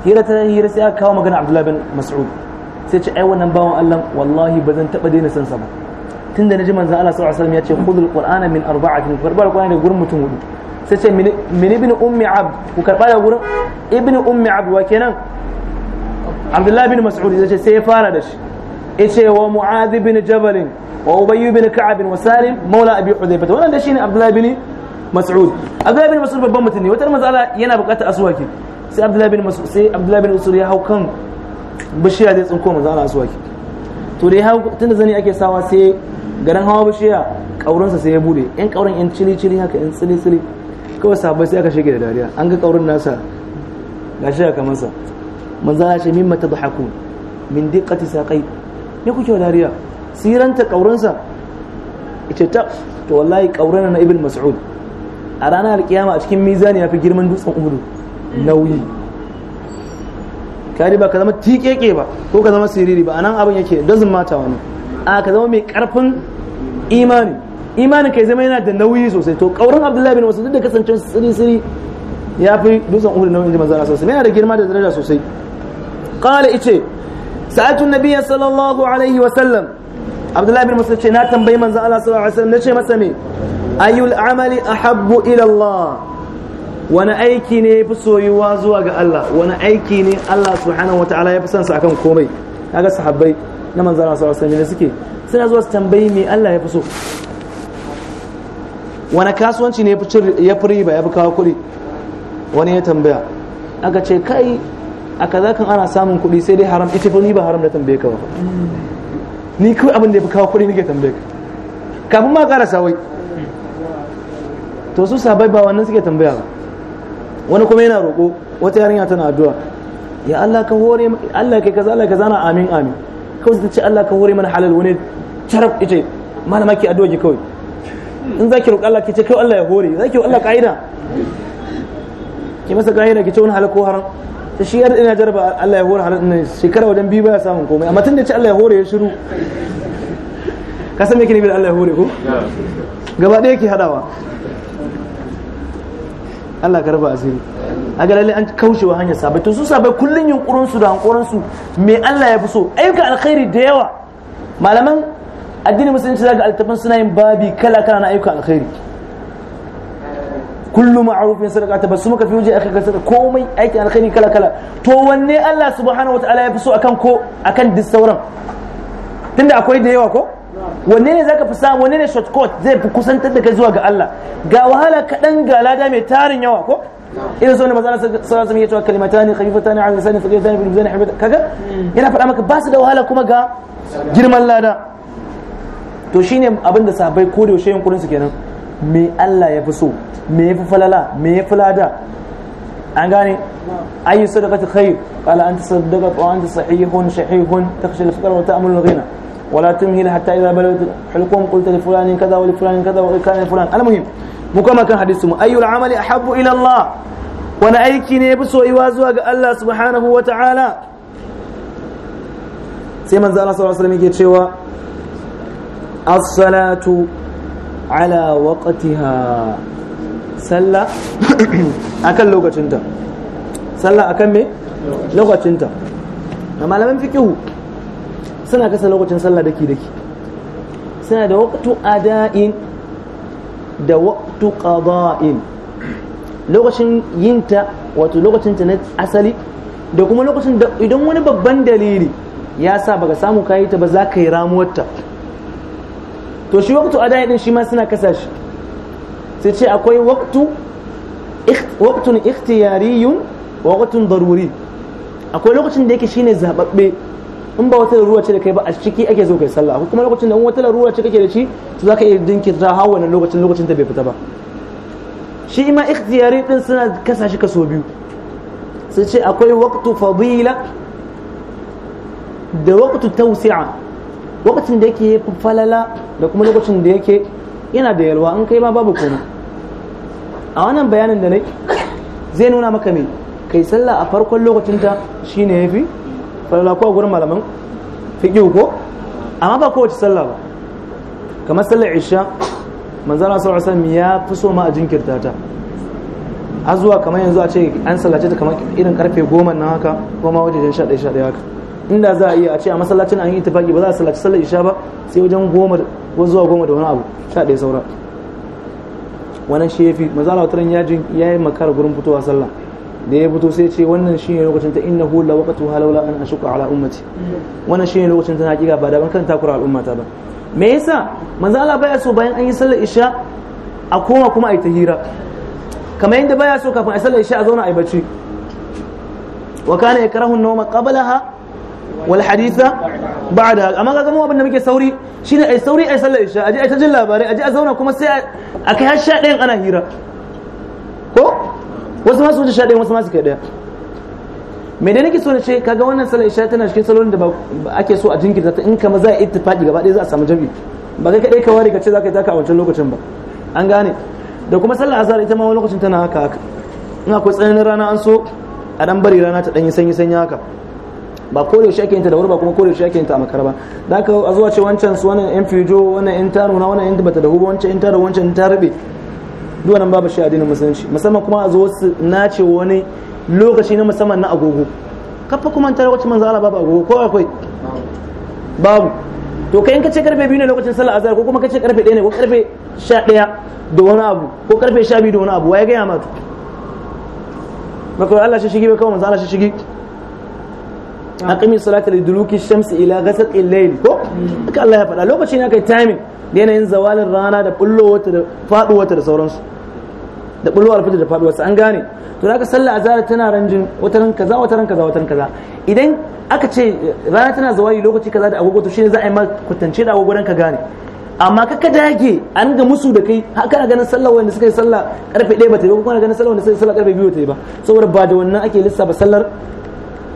hira ta hira sai aka kawo magana abdullahi bin mas'ud sai ce ai wannan bawan Allah wallahi ba zan taba daina san sa ba da naji manzon Allah sallallahu alaihi wasallam ya ce khudul qur'ana min arba'atin karbar qur'ani daga gurin mutum hudu sai ce min ibn ummi abd ku karba daga gurin ibn ummi abd wa kenan Abdullahi bin Mas'ud ya ce sai ya fara da shi yace wa Mu'adh bin Jabal wa Ubay bin Ka'ab wa Salim maula Abi Hudayfa wannan da shine Abdullahi bin Mas'ud Abdullahi bin Mas'ud babban mutum ne wata matsala yana bukatar aswaki sai Abdullahi bin Mas'ud sai Abdullahi bin Usul ya hau kan bishiya zai tsinko manzo Allah suwaki to dai tunda zani ake sawa sai garin hawa bishiya kaurinsa sai ya bude yan kaurin yan cili cili haka yan tsili tsili kawai sabai sai aka shige da dariya an ga kaurin nasa gashi aka masa manzo Allah ce mimma tadhakun min diqqati saqai ne kuke dariya siranta kaurinsa ita ta to wallahi kaurana na ibn mas'ud a ranar alkiyama a cikin mizani ya fi girman dutsen uhudu nauyi kari ba ka zama tiƙeƙe ba ko ka zama siriri ba anan abin yake dozin mata wani a ka zama mai karfin imani imanin kai zama yana da nauyi sosai to ƙaurin abdullahi bin wasu duk da kasancen siri-siri ya fi dutsen uhud nauyin jima zara sosai yana da girma da daraja sosai kala ice sa'atun Nabiya sallallahu alaihi wa sallam abdullahi bin musulun ce na tambayi manzan allah sallallahu alaihi wa sallam na ce masa me ayyul amali ahabbu ila allah wani aiki ne ya fi soyuwa zuwa ga Allah wani aiki ne Allah subhanahu wataala ya fi son sa akan komai kaga sahabbai na manzon Allah sallallahu alaihi suke suna zuwa su tambayi me Allah ya fi so wani kasuwanci ne ya fi riba ya fi kawo kuɗi wani ya tambaya aka ce kai a kaza kan ana samun kuɗi sai dai haram ita ni ba haram da tambaye ka ba ni kawai abin da ya fi kawo kuɗi nake tambaye ka kafin ma ƙara sawai to su sabai ba wannan suke tambaya ba wani kuma yana roƙo wata yarinya tana addu'a ya Allah ka hore Allah kai kaza Allah kaza na amin amin kawai ta ce Allah ka hore mana halal wani tarab ita malama ki addu'a ki kawai in zaki roƙi Allah ki ce kai Allah ya hore zaki wa Allah kaida ki masa kaida ki ce wani halal ko haram ta shi yar ina jarba Allah ya hore halal ne shekara wajen biyu baya samun komai amma tun da ce Allah ya hore ya shiru ka san me kike ne Allah ya hore ko gaba ɗaya ki hadawa Allah ka raba asiri a ga lalle an kaushe wa hanyar sabai to su sabai kullun yunkurin su da hankorin su me Allah ya fi so ayyukan alkhairi da yawa malaman addinin musulunci zaka altafin suna yin babi kala kala na ayyukan alkhairi kullu ma'rufin sadaqa basu muka fi wajhi akhika sadaqa komai aikin alkhairi kala kala to wanne Allah subhanahu Ta'ala ya fi so akan ko akan duk sauran tunda akwai da yawa ko wanne ne zaka fi samu wanne ne shortcut zai fi kusantar da kai zuwa ga Allah ga wahala kaɗan ga lada mai tarin yawa ko irin sau da maza sallallahu alaihi cewa kalimata ne khafifata ne an sani faqirata ne bilbizani habita kaga yana faɗa maka ba su da wahala kuma ga girman lada to shine abin da sabai ko da yaushe yunkurin su kenan me Allah ya fi so me ya fi falala me ya fi lada an gane ayi sadaqatu khair qala anta sadaqatu wa anta sahihun shahihun takhshal fakra wa ta'malu ghina ولا تمهل حتى إذا بلغت حلقهم قلت لفلان كذا ولفلان كذا وكان فلان المهم mu kuma kan hadisi mu ayyul amali ahabbu ila Allah wani aiki ne yafi soyuwa zuwa ga Allah subhanahu wa ta'ala sai manzo Allah sallallahu alaihi wasallam cewa as-salatu ala waqtiha sallah akan me lokacinta suna kasa lokacin sallah daki daki suna da waqtu ada'in da waqtu qada'in lokacin yinta wato lokacin ta na asali da kuma lokacin da idan wani babban dalili ya sa baka samu kayi ta ba za ka yi ramuwarta to shi waqtu ada'in din shi ma suna kasa shi sai ce akwai waqtu waqtun ikhtiyariyun wa waqtun daruri akwai lokacin da yake shine zababbe in ba wata ruwa ce da kai ba a ciki ake zo kai sallah ko kuma lokacin da in wata ruwa ce kake da shi to zaka iya ta hawa wannan lokacin lokacin ta bai fita ba shi ma ikhtiyari din suna kasa shi kaso biyu sai ce akwai waqtu fadila da waqtu tawsi'a lokacin da yake falala da kuma lokacin da yake yana da yalwa in kai ma babu komai a wannan bayanin da nai zai nuna maka me kai sallah a farkon lokacin ta shine yafi sallah ko gurin malaman fiqh ko amma ba kowace sallah ba kamar sallar isha manzara sau alaihi wasallam ya fi so ma a jinkirta ta har zuwa kamar yanzu a ce an sallace ta kamar irin karfe goma na haka ko ma waje sha shaɗe sha haka inda za a iya a ce a masallacin an yi itifaki ba za a sallaci sallar isha ba sai wajen goma ko zuwa goma da wani abu sha ɗaya saura wannan shi ya fi manzara wataran ya yi makara gurin fitowa sallah da ya fito sai ce wannan shi ne lokacin ta innahu la waqtu halawla an ashuka ala ummati wannan shi ne lokacin ta hakika ba daban kan takura al'ummata ba me yasa manzo Allah baya so bayan an yi sallar isha a koma kuma a yi tahira kamar yadda baya so kafin a sallar isha a zauna a yi bacci wa kana yakrahu an-nawma qablaha wal haditha ba'da amma ga mu abin da muke sauri shine ai sauri ai sallar isha aje ai ta jin labarai aje a zauna kuma sai a kai har sha ɗayan ana hira ko wasu masu wuce sha ɗaya wasu masu kai ɗaya me da nake so na ce kaga wannan salon isha tana cikin salon da ake so a jinkirta ta in kama za a ittifaqi gaba ɗaya za a samu jam'i. ba kai kadai ka ware ka ce za ka yi taka a wancan lokacin ba an gane da kuma sallar azhar ita ma wani lokacin tana haka haka in akwai tsananin rana an so a dan bari rana ta dan yi sanyi sanyi haka ba kore yaushe ake yin ta da wuri ba kuma kore yaushe ake yin ta a makara ba da haka a zuwa ce wancan su wannan yan fijo wannan yan taruna wannan yan dubata da hubu wancan yan taro wancan yan tarbe duk wannan babu shi addinin musulunci musamman kuma a zo su nace wani lokaci na musamman na agogo kafa kuma ta lokacin manzo Allah babu agogo ko akwai babu to kai in ka ce karfe biyu ne lokacin sallar azhar ko kuma ka ce karfe 1 ne ko karfe sha ɗaya da wani abu ko karfe sha biyu da wani abu waye gaya ma to baka Allah shi shigi ba kawai manzo Allah shi shigi aqimi salata liduluki shamsi ila ghasaqi al-layl ko haka Allah ya faɗa lokaci ne kai timing yanayin zawalin rana da wata da wata da sauransu da bullo fita da wasu an gane to da aka sallah azhar tana ranjin wata ran kaza wata ran kaza wata ran kaza idan aka ce rana tana zawali lokaci kaza da agogo to shine za a yi ma kwatance da agogo ka gane amma kaka dage an ga musu da kai haka na ganin sallah wanda suka yi sallah karfe 1 ba ta yi ba kuma ganin sallah wanda suka yi sallah karfe 2 ta yi ba saboda ba da wannan ake lissafa sallar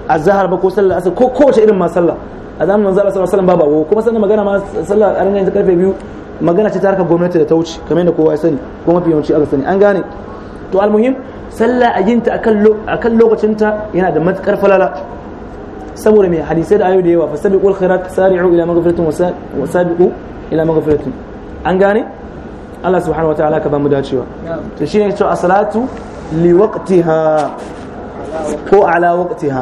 azhar ba ko sallar asar ko kowace irin ma sallah a zamanin manzo Allah sallallahu alaihi wasallam kuma sannan magana ma sallar a ranar karfe biyu magana ce ta harkar gwamnati da ta wuce kamar yadda kowa ya sani ko mafi yawanci aka sani an gane to almuhim sallah a ta akan lokacinta yana da matukar falala saboda mai hadisai da ayo da yawa fasabiqul khairat sari'u ila maghfiratin wa sabiqu ila maghfiratin an gane Allah subhanahu wataala ka ba mu dacewa to shine to as-salatu li waqtiha ko ala waqtiha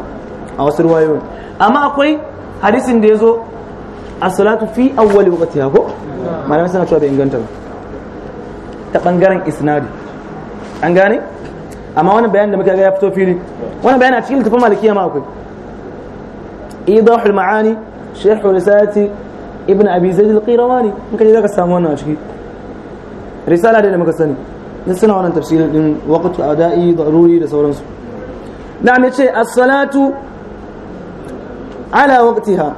a wasu ruwayoyi amma akwai hadisin da ya zo a salatu fi awwali waqtiha ko malamai suna cewa bai inganta ba ta bangaren isnadi an gane amma wani bayan da muka ga ya fito fili wani bayan a cikin tafi malikiya ma akwai idahul ma'ani sharh risalati ibn abi zaid al-qirawani in kaje zaka samu wannan a ciki risala da muka sani da suna wannan tafsirin din waqtu ada'i daruri da sauransu na yace as-salatu ala waqtiha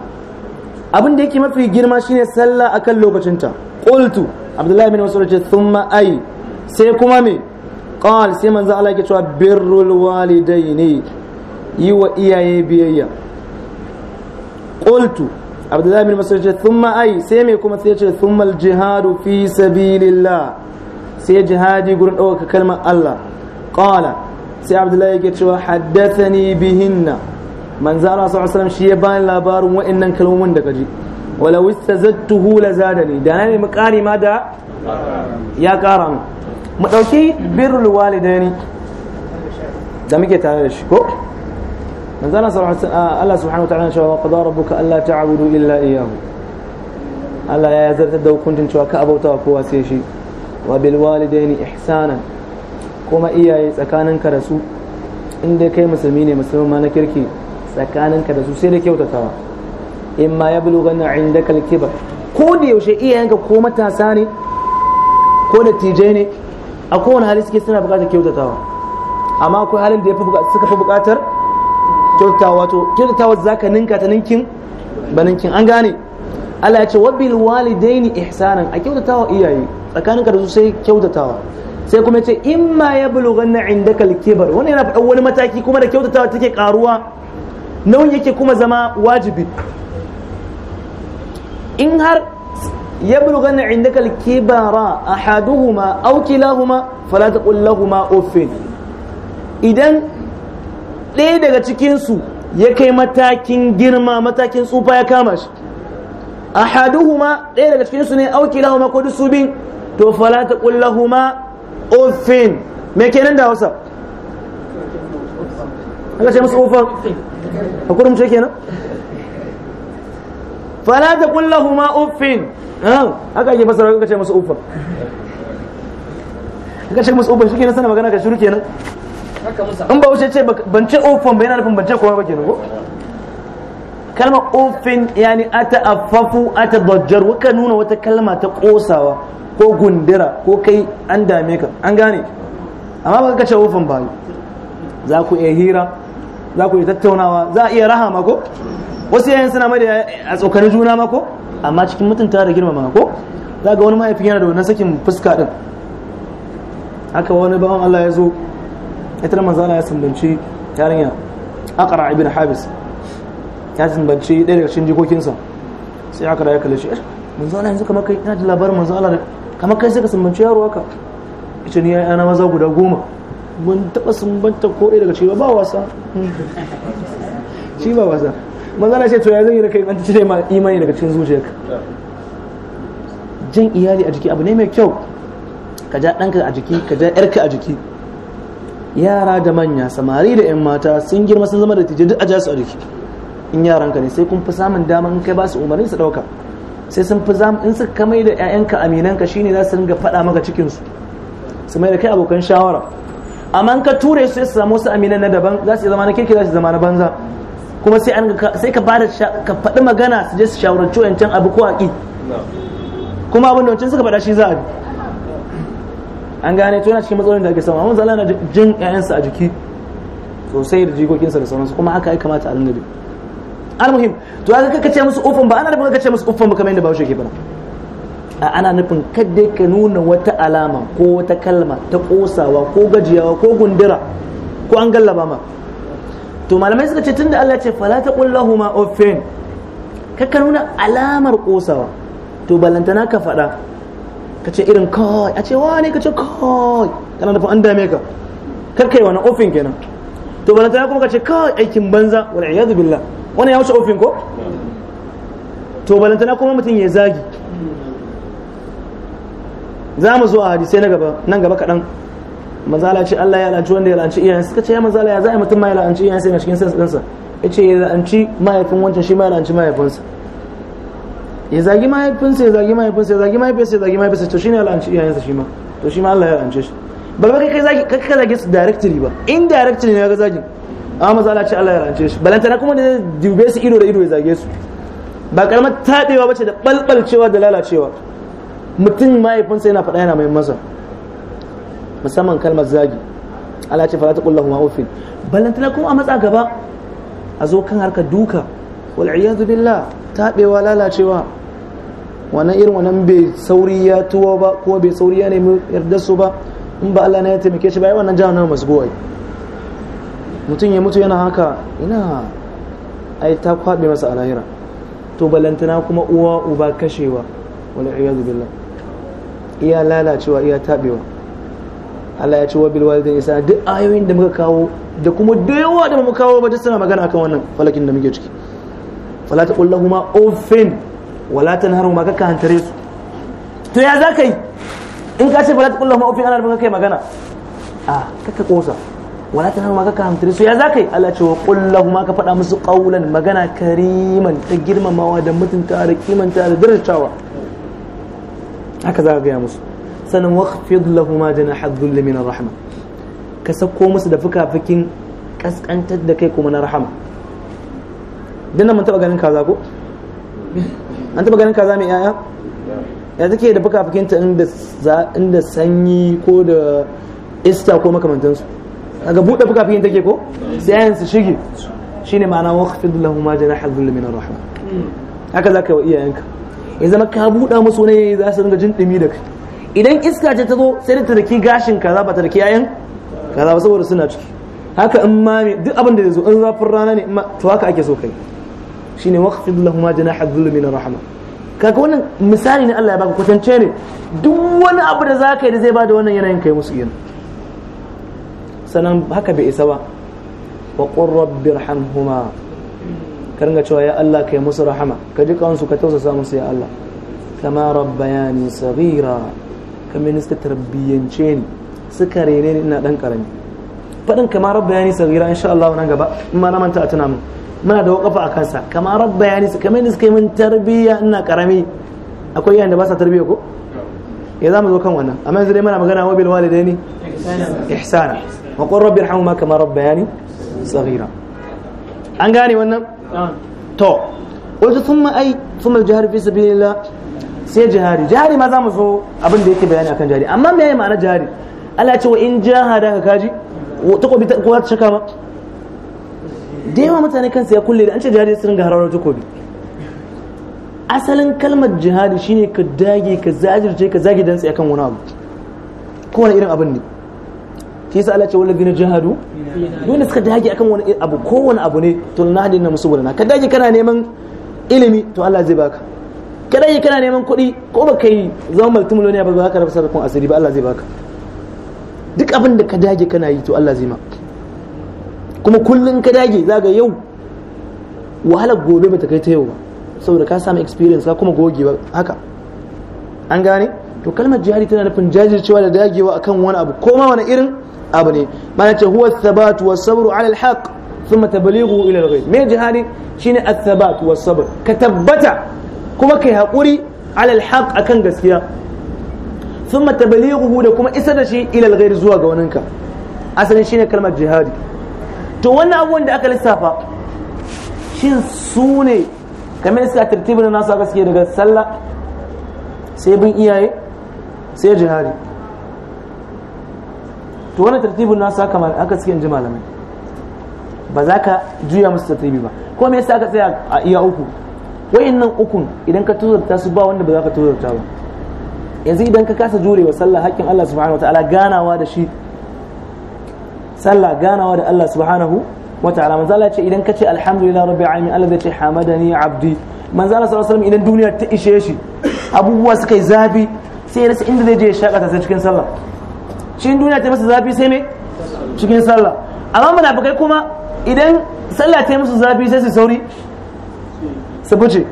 abin da yake mafi girma shine sallah akan lokacinta qultu abdullahi bin mas'ud ce thumma ai sai kuma me qal sai manzo Allah yake cewa birrul walidaini yi wa iyaye biyayya qultu abdullahi bin mas'ud ce thumma ai sai me kuma sai ce thumma al jihadu fi sabilillah sai jihadi gurin ɗaukaka kalmar Allah qala sai abdullahi yake cewa haddathani bihinna manzo Allah sallallahu alaihi shi ya bani labarin wa'annan kalmomin da kaji wala istazattuhu la zadani da na mu kare ma da ya ƙara mu mu dauki birrul walidaini da muke tare da shi ko manzo Allah sallallahu alaihi Allah subhanahu wataala cewa qadara rabbuka alla ta'budu illa iyyahu Allah ya zartar da hukuncin cewa ka abauta kowa sai shi wa bil walidaini ihsana kuma iyaye tsakaninka da su inda kai musulmi ne musulman na kirki tsakaninka da su sai da kyautatawa in ma ya bulu ganin inda kalkibar ko da yaushe iyayenka ko matasa ne ko da tijai ne a kowane hali suke suna bukatar kyautatawa amma akwai halin da suka fi bukatar kyautatawa wato kyautatawa za ka ninka ta ninkin ba ninkin an gane Allah ya ce wabil walidaini ihsanan a kyautatawa iyaye tsakaninka da su sai kyautatawa sai kuma ce in ma ya inda indaka alkibar wani yana faɗa wani mataki kuma da kyautatawa take karuwa nauyin yake kuma zama wajibi in har ya buga na kibara ahaduhuma aw kilahuma fala taqul lahumā ofin idan ɗaya daga cikinsu ya kai matakin girma matakin tsufa ya kama shi ahaduhuma ɗaya daga cikinsu ne aukilahuma ko dusu bin to fala taqul lahumā me kenan da wasa aka ce musu ofin a kurumce kenan fala ta kullahu ma uffin haka ake fasara kuka ce masu uffin kuka ce masu uffin shi kenan sana magana ka shiru kenan in ba wuce ce ban ce uffin bai na nufin ban ce kowa ba kenan ko kalmar uffin a ata affafu ata dajjar waka nuna wata kalma ta kosawa ko gundura ko kai an dame ka an gane amma ba ka ce uffin ba za ku iya hira za ku yi tattaunawa za a iya raha mako wasu yayin suna mai da a tsokanin juna mako amma cikin mutunta da girmama mako za ga wani mahaifin yana da wani sakin fuska din haka wani bawan Allah ya zo ya tara manzo ya sambanci yarinya akara ibn habis ya sumbanci ɗaya daga cikin jikokinsa sai akara ya kalle shi eh, manzo yanzu kamar kai ina da labarin manzo Allah kamar kai sai ka sumbanci yaro haka ita ni ya yana maza guda goma mun taɓa sumbanta ko daga cewa ba wasa shi ba wasa maza na ce to ya zan yi da kai an cire ma imani daga cikin zuciyarka jan iyali a jiki abu ne mai kyau ka ja ɗanka a jiki ka ja ƴarka a jiki yara da manya samari da 'yan mata sun girma sun zama da tijin duk a jasu a jiki in yaranka ne sai kun fi samun dama in kai ba su umarni su ɗauka sai sun fi zama in suka kamai da 'ya'yanka aminanka shine za su ringa faɗa maka cikinsu su mai da kai abokan shawara amma ka ture su sai su samu wasu aminan na daban za su zama na kirki za su zama na banza kuma sai an sai ka bada ka faɗi magana su je su cewa wancan abu ko aki kuma abin da wancan suka faɗa shi za a bi an gane to yana cikin matsalolin da ake samu amma zalla na jin ƴaƴansa a jiki sosai da jikokinsa da sauransu kuma haka ya kamata a ringa bi almuhim to ka kace musu ufan ba ana da kace musu ufan ba kamar yadda Bahaushe ke fara A ana nufin kadda ka nuna wata alama ko wata kalma ta kosawa ko gajiyawa ko gundura ko an gallaba ma to malamai suka ce tunda Allah ce fala ta qullahu ma uffin kakka nuna alamar kosawa to balantana ka fada, ka ce irin kawai a ce wane ka ce kawai kana da an dame ka karkai wani ofin kenan to balantana kuma ka ce kawai aikin banza wal iyadu billah wani ya wuce ofin ko to balantana kuma mutum ya zagi za mu zo a hadisai na gaba nan gaba kaɗan manzala ce Allah ya lanci wanda ya lanci iyayen suka ce ya manzala ya za a mutum ma ya lanci iyayen sai na cikin sensa dinsa ya ce ya lanci mahaifin wancan shi ma ya lanci mahaifinsa ya zagi mahaifinsa ya zagi mahaifinsa ya zagi mahaifinsa ya zagi mahaifinsa to shi ne ya lanci iyayensa shi ma to shi ma Allah ya lanci shi ba ba kai zagi kai ka zagi su directly ba indirectly ne ga zagi amma manzala ce Allah ya lanci shi na kuma ne zai dube su ido da ido ya zage su ba karamar taɗewa bace da balbalcewa da lalacewa mutum mahaifinsa yana faɗa yana mai masa musamman kalmar zagi Allah ce falata kullahu ma ufin ballantana kuma a matsa gaba a zo kan harka duka wal iyadu billah tabewa lalacewa wannan irin wannan bai sauri ya tuwo ba ko bai sauri ya nemi yarda su ba in ba Allah ne ya taimake shi ba ai wannan jahannama masu goyi mutum ya mutu yana haka ina ai ta kwabe masa a lahira to balantana kuma uwa uba kashewa wal iyadu billah iya lalacewa iya tabewa Allah ya ce wa bilwa da isa duk ayoyin da muka kawo da kuma da yawa da muka kawo ba duk suna magana akan wannan falakin da muke ciki fala taqul lahumu uffin wala ma kaka hantare su to ya za ka yi in ka ce fala taqul lahumu uffin ana da kai magana a kaka kosa wala ma kaka hantare su ya za ka yi Allah ya ce wa qul lahumu ka faɗa musu qawlan magana kariman ta girmamawa da mutunta da kimanta da darajawa haka za ka gaya musu sannan waqfid lahuma janaha dhulli min rahma ka sako musu da fukafukin kaskantar da kai kuma na rahama dan mun taba ganin kaza ko an taba ganin kaza mai yaya ya take da fukafukin ta inda inda sanyi ko da ista ko makamantansu daga buɗe fukafukin take ko sai yayin su shige shine ma'ana waqfid lahuma janaha dhulli min rahma haka za ka yi wa iyayenka ya zama ka buɗa musu ne za su ringa jin ɗumi da kai idan iska ce ta zo sai ta daki gashin kaza ba ta daki yayan kaza ba saboda suna ciki haka in ma duk abin da zai zo in zafin rana ne to haka ake so kai shine waqfid lahum janaha dhulli min rahma kaga wannan misali ne Allah ya baka kwatance ne duk wani abu da ka yi da zai bada wannan yanayin kai musu yin Sannan haka bai isa ba wa qur rabbirhamhuma ka cewa ya Allah kai musu rahama ka ji kansu ka tausasa musu ya Allah kama rabbayani saghira kamar ni suka tarbiyyance ne suka rene ni ina dan karami fadin kama rabbayani in insha Allah nan gaba in ma na manta a tunamu muna da wakafa a kansa kama rabbayani kamar ni suka yi min tarbiyya ina karami akwai yayin da ba sa tarbiyya ko ya zamu zo kan wannan amma yanzu dai muna magana wa bil walidaini ihsana wa qur rabbi irhamhuma kama rabbayani saghira an gane wannan to wato sun ma ai sun mal jihar fi lila sai jihari jihari ma za mu zo abin da yake bayani akan jihari amma yi ma'ana jihari Allah ce wa in jahada ka kaji takobi ta kowa ta shaka ba da yawa mutane kansu ya kulle da an ce sun ga ringa hararar takobi asalin kalmar jihari shine ka dage ka zajirce ka zage dantse akan wani abu kowane irin abin ne shi yasa Allah ce wani ladina jahadu duk suka dage akan wani abu kowane abu ne to na hadin na musubulana ka dage kana neman ilimi to Allah zai baka ka dage kana neman kuɗi ko ba kai zama multimiloniya ba za ka rafa sarkon asiri ba Allah zai baka duk abin da ka dage kana yi to Allah zai ma kuma kullun ka dage zaga yau wahalar gobe ba ta kai ta yau ba saboda ka samu experience ka kuma goge ba haka an gane to kalmar jihadi tana nufin jajircewa da dagewa akan wani abu ko ma wani irin abu ne mana ce huwa sabatu wa sabru ala alhaq thumma tablighu ila alghayb me jihadi shine athabat wa sabr ka tabbata kuma kai hakuri ala alhaq akan gaskiya thumma hu da kuma isa da shi ila alghayb zuwa ga waninka asalin shine kalmar jihadi to wannan abu da aka lissafa shin su ne kamar a tartibin nasu a suke daga sallah sai bin iyaye sai jihadi to wani tartibin nasu haka haka suke ji malamai ba za ka juya musu tartibi ba ko me yasa aka tsaya a iya uku nan ukun idan ka tuzurta su ba wanda ba za ka tuzurta ba yanzu idan ka kasa jurewa sallah hakkin Allah subhanahu wataala ganawa da shi sallah ganawa da Allah subhanahu wataala manzo Allah ya ce idan ka ce alhamdulillah rabbil alamin Allah zai ce hamadani abdi manzo Allah sallallahu alaihi idan duniya ta ishe shi abubuwa suka yi zafi sai ya rasa inda zai je ya shakata sai cikin sallah shi duniya ta masa zafi sai me cikin sallah amma munafikai kuma idan sallah ta musu zafi sai su sauri su fice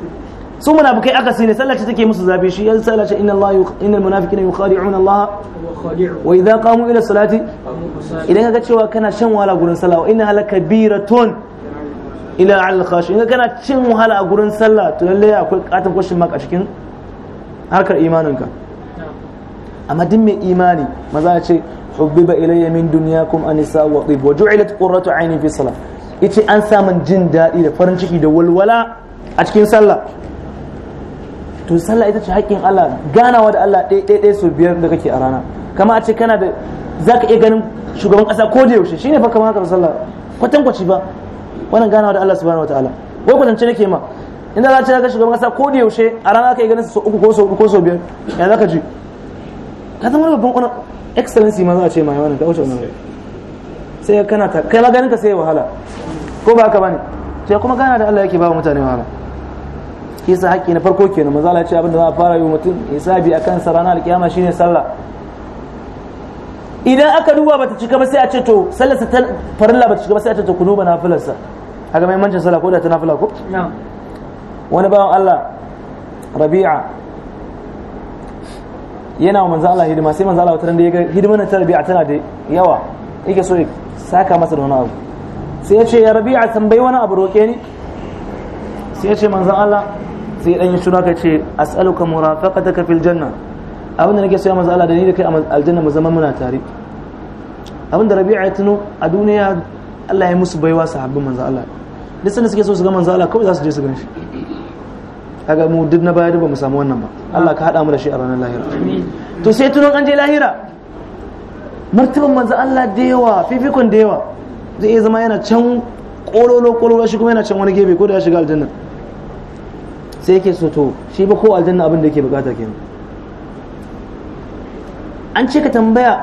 su munafikai aka sai ne sallah ce take musu zafi shi ya sallah ce inna Allah innal munafiqina yukhadi'una Allah wa idza qamu ila salati idan ka cewa kana shan wahala gurin sallah wa inna halakabiratun ila al khashin idan kana cin wahala a gurin sallah to lalle akwai katin kwashin mark a cikin harkar imaninka amma duk mai imani maza ce hubbiba ilayya min dunyakum anisa wa tib wa ju'ilat qurratu ayni fi salat yace an samun jin daɗi da farin ciki da walwala a cikin sallah to sallah ita ce haƙƙin Allah ganawa da Allah ɗaya ɗaya biyar da kake a rana kama a ce kana da za ka iya ganin shugaban ƙasa ko da yaushe shine fa kamar haka sallah kwatankwaci ba wannan ganawa da Allah subhanahu wataala wai kwatance nake ma inda za ka ce shugaban ƙasa ko da yaushe a rana ka iya ganin su so uku ko so uku ko so biyar ya za ka ji ka zama babban babban excellency ma za a ce ma yawanin ta wuce wannan sai kana ta kai maganin ka sai ya wahala ko ba haka bane sai kuma gana da Allah yake ba mutane wahala kisa haƙƙi na farko kenan manzo Allah ya ce abinda za a fara yi mutum hisabi akan sa ranar alkiyama shine sallah idan aka duba bata cika ba sai a ce to sallar sa farilla bata cika ba sai a ce to kunuba nafilar sa haka mai mancin sallah ko da ta nafila ko wani bawan Allah Rabi'a yana wa manzo Allah hidima sai manzo Allah wataran da ya ga hidiman na tarbiya tana da yawa yake so ya saka masa da wani abu sai ya ce ya rabi'a tambayi wani abu roke ni sai ya ce manzo Allah sai dan yi suna ka ce as'aluka murafaqataka fil janna abinda nake so ya manzo Allah da ni da kai aljanna mu zama muna tare abinda rabi'a ya tuno a duniya Allah ya musu baiwa sahabban manzo Allah duk sanda suke so su ga manzo Allah kawai za su je su gan shi kaga mu duk na baya duk mu samu wannan ba Allah ka hada mu da shi a ranar lahira to sai tunan an je lahira martaban manzo Allah da yawa fifikon da yawa zai iya zama yana can kololo kololo shi kuma yana can wani gefe ko da ya shiga aljanna sai yake so to shi ba ko aljanna abin da yake bukata kenan an ce ka tambaya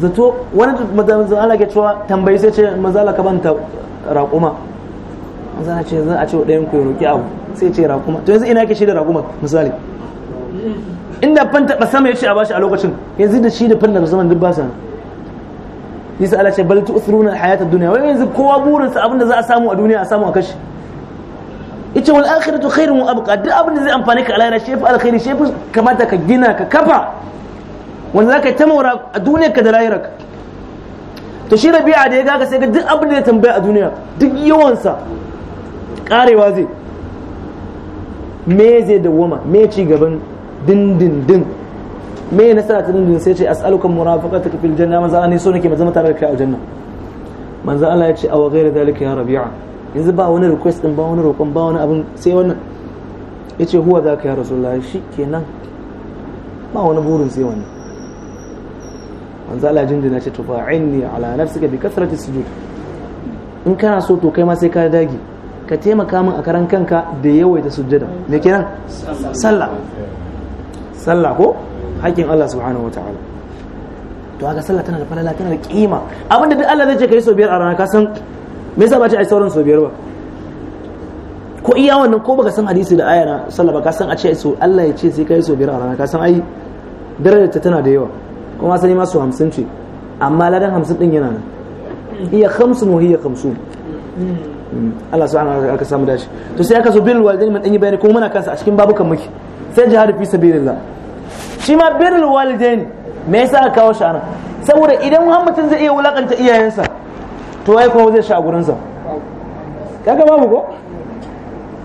zato wani manzo Allah ke cewa tambayi sai ce manzo Allah ka banta raƙuma manzo Allah ce zan a ce ɗayan ku ya roki abu sai ce rakuma to yanzu ina ke shi da rakuma misali inda fan taba sama ya ce a bashi a lokacin yanzu da shi da fan daga saman duk ba sa yasa Allah ce bal tu'thiruna al-hayata ad-dunya wai yanzu kowa burinsa abinda za a samu a duniya a samu a kashi ita wal akhiratu khairun wa abqa duk abin da zai amfani ka alayra shi fa alkhairi shi fa kamata ka gina ka kafa wanda zaka yi ta maura a duniyar ka da lahirar to shi rabi'a da ya gaga sai ga duk abin da ya tambaya a duniya duk yawansa karewa zai me zai dawwama me ci gaban dindindin me nasara ta dindindin sai ce as'aluka ta fil janna maza ne so nake zama tare da kai a janna manzo Allah ya ce aw ghayra dalika ya rabi'a yanzu ba wani request din ba wani roƙon ba wani abin sai wannan yace huwa zaka ya rasulullahi shikenan ba wani burin sai wannan manzo Allah jinjina ce tufa'inni ala nafsika bi kasrati sujud in kana so to kai ma sai ka dage ka taimaka min a karan kanka da yawaita sujjada me kenan sallah sallah ko haƙin Allah subhanahu wataala to haka sallah tana da falala tana da kima abinda duk Allah zai ce yi so biyar a rana ka san me yasa ba ce ai sauran so biyar ba ko iya wannan ko baka san hadisi da aya na sallah ba ka san a ce so Allah ya ce sai yi so biyar a rana ka san ai darajar ta tana da yawa kuma sani ma hamsin 50 ce amma ladan 50 din yana nan iya hamsin mu hiya hamsin. Allah subhanahu wa ta'ala ka samu dashi to sai aka so bil walidain mun danyi bayani kuma muna kansa a cikin babukan muke sai jihad fi sabilillah shi ma bil walidain me yasa aka kawo shi anan saboda idan wani mutum zai iya wulakanta iyayensa to wai kuma zai sha a gurin sa kaga babu ko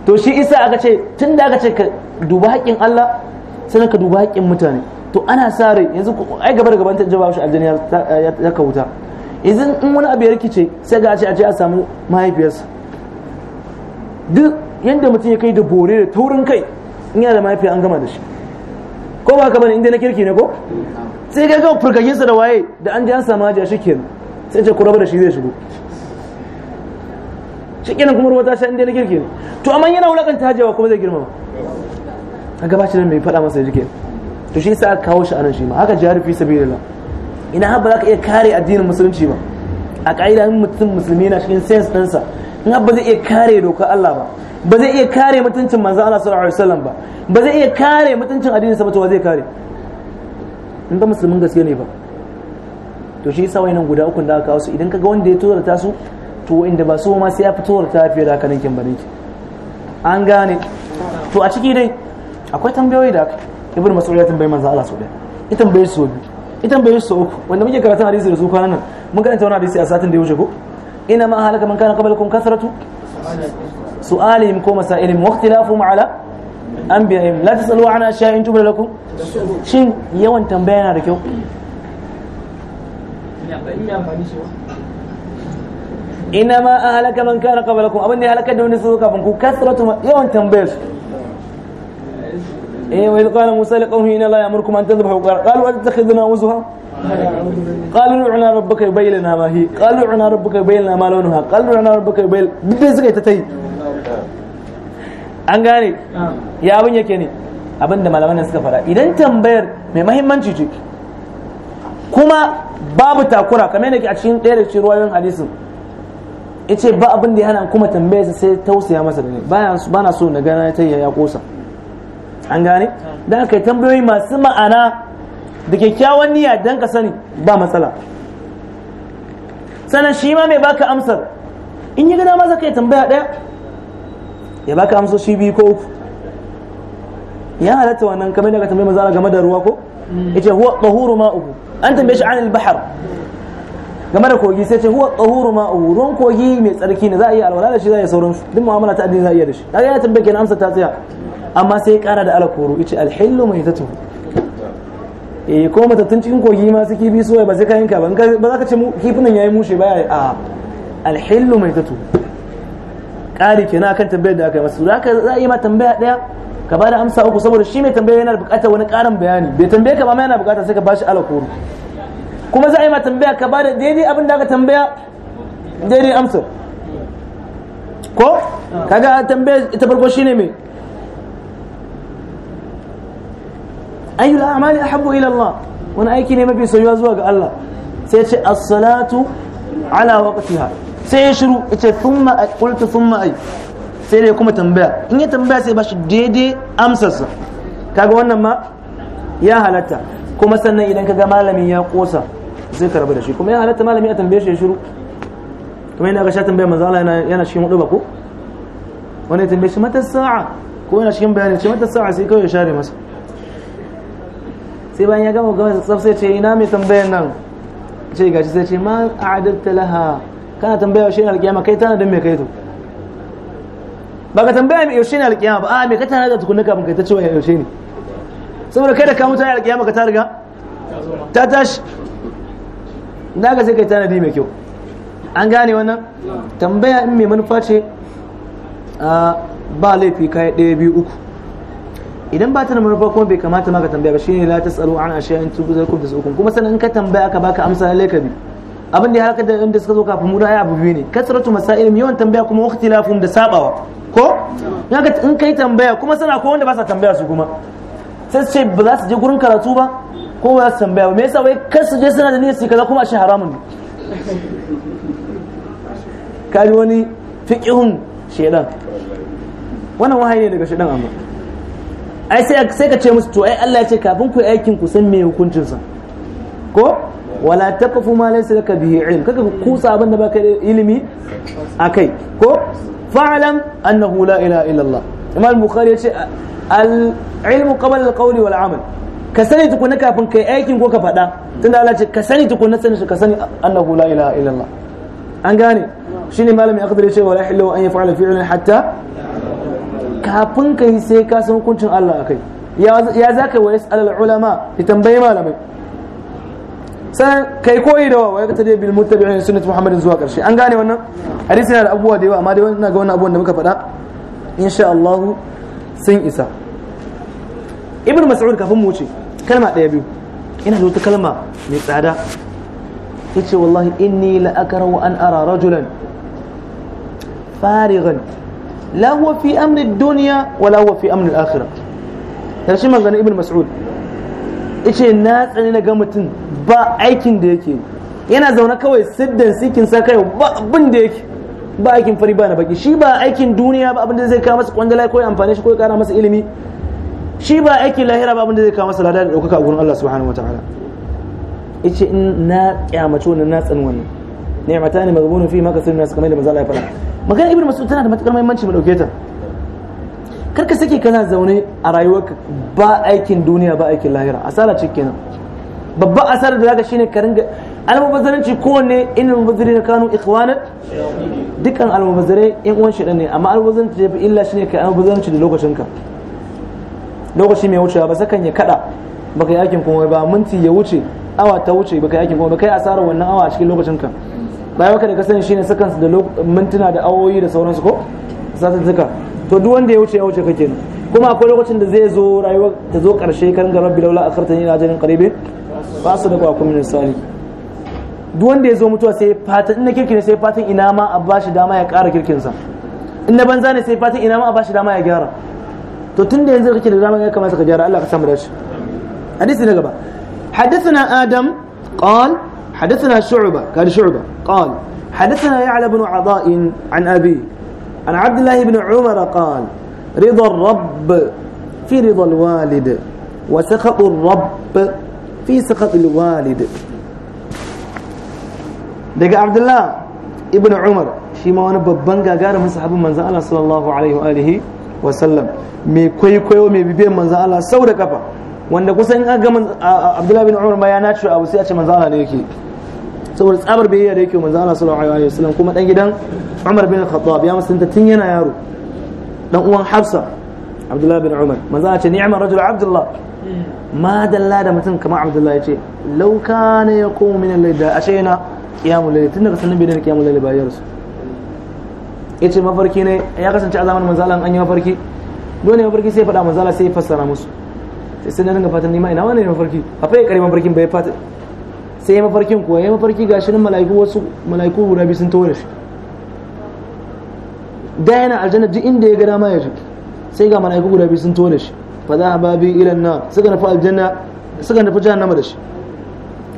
to shi isa aka ce tunda aka ce ka duba haƙƙin Allah sai ka duba haƙƙin mutane to ana sa rai yanzu ai gaba da gaban ta jaba shi aljanna ya kauta idan in wani abu ya rikice sai ga a ce a ce a samu mahaifiyarsa duk yadda mutum ya kai da bore da taurin kai in yana da mahaifiya an gama da shi ko ba haka bane inda na kirki ne ko sai ka ga furgaginsa da waye da an ji an samu a shikenan sai ce kuraba da shi zai shigo shikenan kuma ruwa ta sha inda na kirki ne to amma yana wulakanta hajjawa kuma zai girmama a gabashi shi nan mai faɗa masa jike to shi yasa aka kawo shi anan shi ma haka jihar fi sabilillah ina har za ka iya kare addinin musulunci ba a ƙa'ida mutum musulmi na cikin sayansu ɗansa in ba zai iya kare dokar Allah ba ba zai iya kare mutuncin manzo Allah sallallahu alaihi wasallam ba ba zai iya kare mutuncin addinin sa ba to zai kare in ba musulmin gaske ne ba to shi yasa wayannan guda uku da aka kawo su idan kaga wanda ya ta su to inda ba su ma sai ya fito ta fiye da haka nan kin bane an gane to a ciki dai akwai tambayoyi da ibnu mas'ud ya tambayi manzo Allah sallallahu alaihi wasallam ita tambaye su biyu ita tambaye su uku wanda muke karatun hadisi da su kwanan nan mun karanta wani hadisi a satin da ya wuce ko ina ma halaka man kana qablakum kathratu su'alihim ko masailihim wa ikhtilafuhum ala anbiya'ihim la tasalu an ashiya in tubla lakum shin yawan tambaya yana da kyau ina ma an halaka man kana qablakum abin da ya halaka da wani su kafin ku kasratu yawan tambayar su la qalu du'na rabbaka yubayyin lana ma hi qalu du'na rabbaka yubayyin lana ma launuha qalu du'na rabbaka yubayyin duk dai suka yi ta tai an gane ya abin yake ne abin da malaman suka fara idan tambayar mai mahimmanci ce kuma babu takura kamar yadda ke a cikin ɗaya da cikin ruwayoyin hadisin yace ba abin da ya hana kuma tambayar sa sai tausaya masa da ne ba na so na gana ta ya kosa an gane da aka tambayoyi masu ma'ana da kyakkyawan niyya dan ka sani ba matsala sannan shi ma mai baka amsar in yi gada maza kai tambaya ɗaya ya baka shi biyu ko uku ya halatta wannan kamar daga tambayi mazala game da ruwa ko mm. ce huwa tahuru uku. an tambaye shi anil bahar game da kogi sai ce huwa tahuru uku ruwan kogi mai tsarki ne za a iya alwala da shi za a iya sauransu duk mu'amala ta addini za a iya da shi kaga ya tambaye kenan amsa ta tsaya amma sai ya kara da alakoro ce alhillu mai tatuhu eh ko matattun cikin kogi ma su kifi soya ba sai ka yanka ba ba za ka ce kifin ya yayi mushe ya a alhillu mai tatu ƙari kenan akan tambayar da aka yi masu za za a yi ma tambaya ɗaya ka ba da amsa uku saboda shi mai tambaya yana buƙatar wani ƙarin bayani bai tambaye ka ba ma yana buƙatar sai ka bashi alakoro kuma za a yi ma tambaya ka ba da daidai abin da aka tambaya daidai amsa ko kaga tambayar ita farko shine mai ayyul a'mali ahabbu ila Allah wani aiki ne mafi soyuwa zuwa ga Allah sai ce as-salatu ala waqtiha sai ya shiru ita thumma qultu thumma ay sai dai kuma tambaya in ya tambaya sai ba shi daidai amsarsa kaga wannan ma ya halatta kuma sannan idan kaga malamin ya kosa zai karbi da shi kuma ya halatta malami ya tambaye shi ya shiru kuma yana ga sha tambayar manzo Allah yana cikin hudu ba ko wani tambaye shi mata sa'a ko yana cikin bayani ce mata sa'a sai kawai ya share masa sai bayan ya gama gama tsaf sai ce ina mai tambayar nan ce gashi sai ce ma a'adatta laha kana tambaya yaushe ne alkiyama kai tana don mai kai to ba ka tambaya mai yaushe ne alkiyama ba a me ka tana da tukunna kafin kai ta cewa yaushe ne saboda kai da ka mutane alkiyama ka ta riga ta tashi na ga sai kai tanadi mai kyau an gane wannan tambaya in mai manufa ce ba laifi kayi ɗaya biyu uku idan ba ta da manufa kuma bai kamata ma ka tambaya ba shine la tasalu an ashiya in tubu kuma tasukum kuma sanan in ka tambaya ka baka amsa lalle ka bi abin da ya haka da inda suka zo kafin mu da abu biyu ne kasratu ilimin yawan tambaya kuma ikhtilafum da sabawa ko yaga in kai tambaya kuma sana ko wanda ba sa tambaya su kuma sai su ce ba za su je gurin karatu ba ko ba za su tambaya ba me yasa wai kar su je suna da niyyar su kaza kuma shi haramun ne kaji wani fiqihun shedan wannan wahayi ne daga shedan amma ai sai ka ce musu to ai Allah ya ce kafin ku aikin ku san me hukuncin sa ko wala taqfu ma laysa laka bihi ilm kaga ku abin da baka da ilimi akai ko fa'lam annahu la ilaha illa Allah imam bukhari ya ce al ilmu qabla al qawli wal amal ka sani tukuna kafin kai aikin ko ka faɗa tunda Allah ce ka sani tukuna sani ka sani annahu la ilaha illa Allah an gane shine malamin akhdar ya ce wala hilu an yaf'ala fi'lan hatta kafin ka yi sai ka san hukuncin Allah a kai ya za ka wa ulama ya tambayi malamai sai kai koyi da wa ka tare bil muttabi'in sunnat muhammadin zuwa karshe an gane wannan hadisi yana da abubuwa da yawa amma dai ina ga wannan abubuwan da muka faɗa insha Allah sun isa ibn mas'ud kafin mu wuce kalma ɗaya biyu ina da wata kalma mai tsada yace wallahi inni la akrahu an ara rajulan farigan la huwa fi amri duniya wa la huwa fi amri akhira karshe magana ibn mas'ud ce na tsani na ga mutum ba aikin da yake yana zaune kawai siddan sikin sa kai ba abin da yake ba aikin fari ba na baki shi ba aikin duniya ba abin zai kawo masa kwangala ko amfani shi ko kara masa ilimi shi ba aikin lahira ba abin da zai kawo masa lada da daukaka a gurin Allah subhanahu wataala yace na kyamace wannan na tsani wannan ni'mata ne maghbunun fi ma kasirun nas kamar da manzo Allah magana ibn mas'ud tana da matukar muhimmanci mu dauke ta kar ka sake kana zaune a rayuwarka ba aikin duniya ba aikin lahira asara ce kenan babban asara da zaka shine ka ringa almubazzaranci kowanne inna mubazzirina kanu ikhwana dukkan almubazzare in uwan shi ne amma almubazzaranci da illa shine kai almubazzaranci da lokacin ka lokaci mai wucewa ba sakan ya kada baka yi aikin kuma ba minti ya wuce awa ta wuce baka yi aikin kuma baka yi asarar wannan awa a cikin lokacin ka bayan waka da ka sani shine seconds da mintuna da awoyi da sauransu ko satin suka to duk wanda ya wuce ya wuce kake kuma akwai lokacin da zai zo rayuwa ta zo karshe kan ga rabbi laula akhartani ila ajalin qarib ba su da kwa kuma sali duk wanda ya zo mutuwa sai fatan ina kirki ne sai fatan ina ma a bashi dama ya ƙara kirkinsa ina banza ne sai fatan ina ma a bashi dama ya gyara to tun da yanzu kake da dama ya kamata ka gyara Allah ka samu shi. hadisi na gaba حدثنا آدم قال حدثنا شعبة قال شعبة قال حدثنا يعلى بن عضاء عن أبي عن عبد الله بن عمر قال رضا الرب في رضا الوالد وسخط الرب في سخط الوالد daga abdullah ibn umar shi ma wani babban gagarumin sahabin manzan Allah sallallahu alaihi wa sallam mai kwaikwayo mai bibiyar manzan Allah sau da kafa wanda kusan in ibn umar ma ya nace abu sai a ce ne yake saboda tsabar biyayya da yake manzo Allah sallallahu alaihi wasallam kuma dan gidan Umar bin Khattab ya musulunta tun yana yaro dan uwan Hafsa Abdullah bin Umar manzo ce ni'ma rajul Abdullah ma dalla da mutum kamar Abdullah yace law kana yaqumu min al-layl da ashe yana qiyamul layl tun daga sanin bai da qiyamul layl ba yarsu yace mafarki ne ya kasance a zamanin manzo Allah an yi mafarki dole mafarki sai faɗa manzo Allah sai fassara musu sai sai na dinga fatan ni ma ina wani mafarki a fa ya kare mafarkin bai fata sai ya mafarkin kuwa ya mafarki ga shirin mala'iku wasu mala'iku guda biyu sun tawar shi da yana aljanna duk inda ya gada ma ya tafi sai ga mala'iku guda biyu sun tawar shi fa za a ba bi ilan na suka nufi aljanna suka nufi jahannama da shi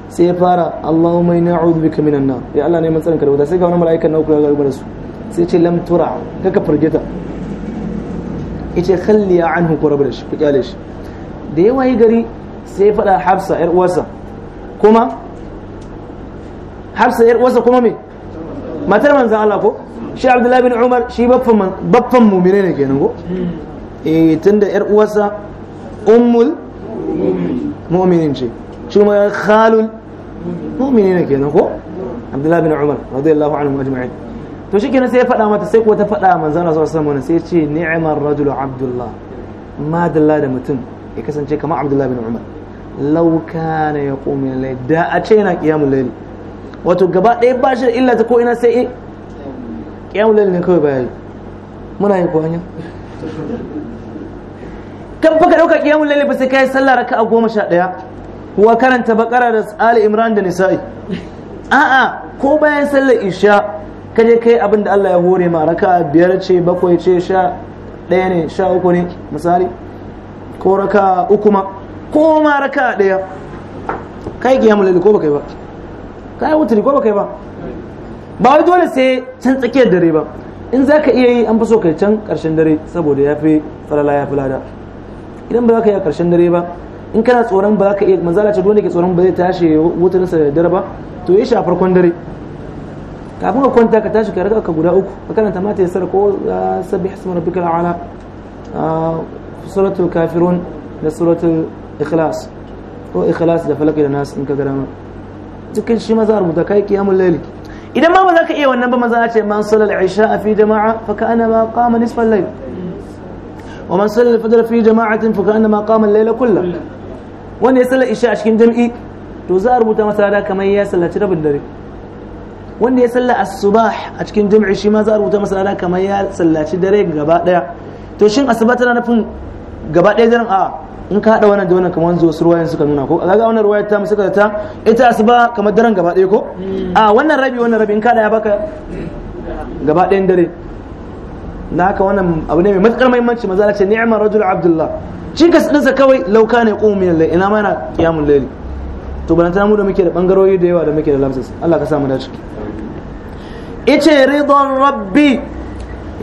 sai ya fara Allahumma inna a'udhu bika minan na ya Allah ne mun tsanka sai ga wani mala'ikan nauku ya ga su sai ce lam tura kaka fargeta yace khalliya anhu ku rabu da shi ku kyale shi da yawa yi gari sai ya faɗa Hafsa yar uwarsa kuma hafsa yar wasa kuma me matar manzan Allah ko shi abdullahi bin umar shi baffan mumine ne kenan ko eh tunda yar uwarsa ummul mu'minin ce shi ma khalul mu'minin ne kenan ko abdullahi bin umar radiyallahu anhu ajma'in to shi kenan sai ya faɗa mata sai kuwa ta faɗa manzan Allah sallallahu alaihi wasallam sai ya ce ni'mar rajul abdullah ma dalla da mutum ya kasance kamar abdullahi bin umar na kana yaqumu layl da a ce yana qiyamul layl wato gaba ɗaya ba shi da illa ta ko ina sai ƙyamulan ne kawai bayani muna yi kuwa kan fa ka ɗauka ƙiyamun lalle ba sai ka yi sallah raka a goma sha ɗaya wa karanta bakara da ali imran da nisa'i a'a ko bayan sallar isha ka je kai abin da Allah ya hore ma raka biyar ce bakwai ce sha ɗaya ne sha uku ne misali ko raka uku ma ko ma raka ɗaya kai ƙiyamun lalle ko ba kai ba ka yi wuturi ko ba kai ba ba wai dole sai can tsakiyar dare ba in za ka iya yi an fi so kai can karshen dare saboda ya fi falala ya fi lada idan ba za ka yi a karshen dare ba in kana tsoron ba za ka iya manzala ce dole ke tsoron ba zai tashi wutarinsa da dare ba to ya shafar a farkon dare kafin ka kwanta ka tashi ka raka guda uku ka karanta mata sara ko sabbi hasmar rabbikal ala suratul kafirun da suratul ikhlas ko ikhlas da falaki da nasu in ka gara cikin shi maza rubuta kai kiyamul layl idan ma ba za ka iya wannan ba maza a ce man sallal isha fi jama'a fa kana ma qama nisfal layl wa man sallal fajr fi jama'atin fa kana ma qama al-layl kullahu wanda ya sallar isha a cikin jami'i to za a rubuta masa lada kamar ya sallaci rabin dare wanda ya salla asubah a cikin jami'i shi ma za a rubuta masa lada kamar ya sallaci dare gaba daya to shin asuba tana nufin gaba daya daren a in ka hada wannan da wannan kamar zuwa ruwayan suka nuna ko kaga wannan ruwayar ta suka ta ita ba kamar daren gaba ɗaya ko hmm. a wannan rabi wannan rabi in ka da ya baka gaba ɗayan dare na haka wannan abu ne mai matukar muhimmanci maza ce ni'mar rajul abdullah cin ka dinsa kawai lauka ne qumu min al ina ma yana qiyamul to ban ta mu da muke da bangarori da yawa da muke da lamsas Allah ka sa mu dace ice ridan rabbi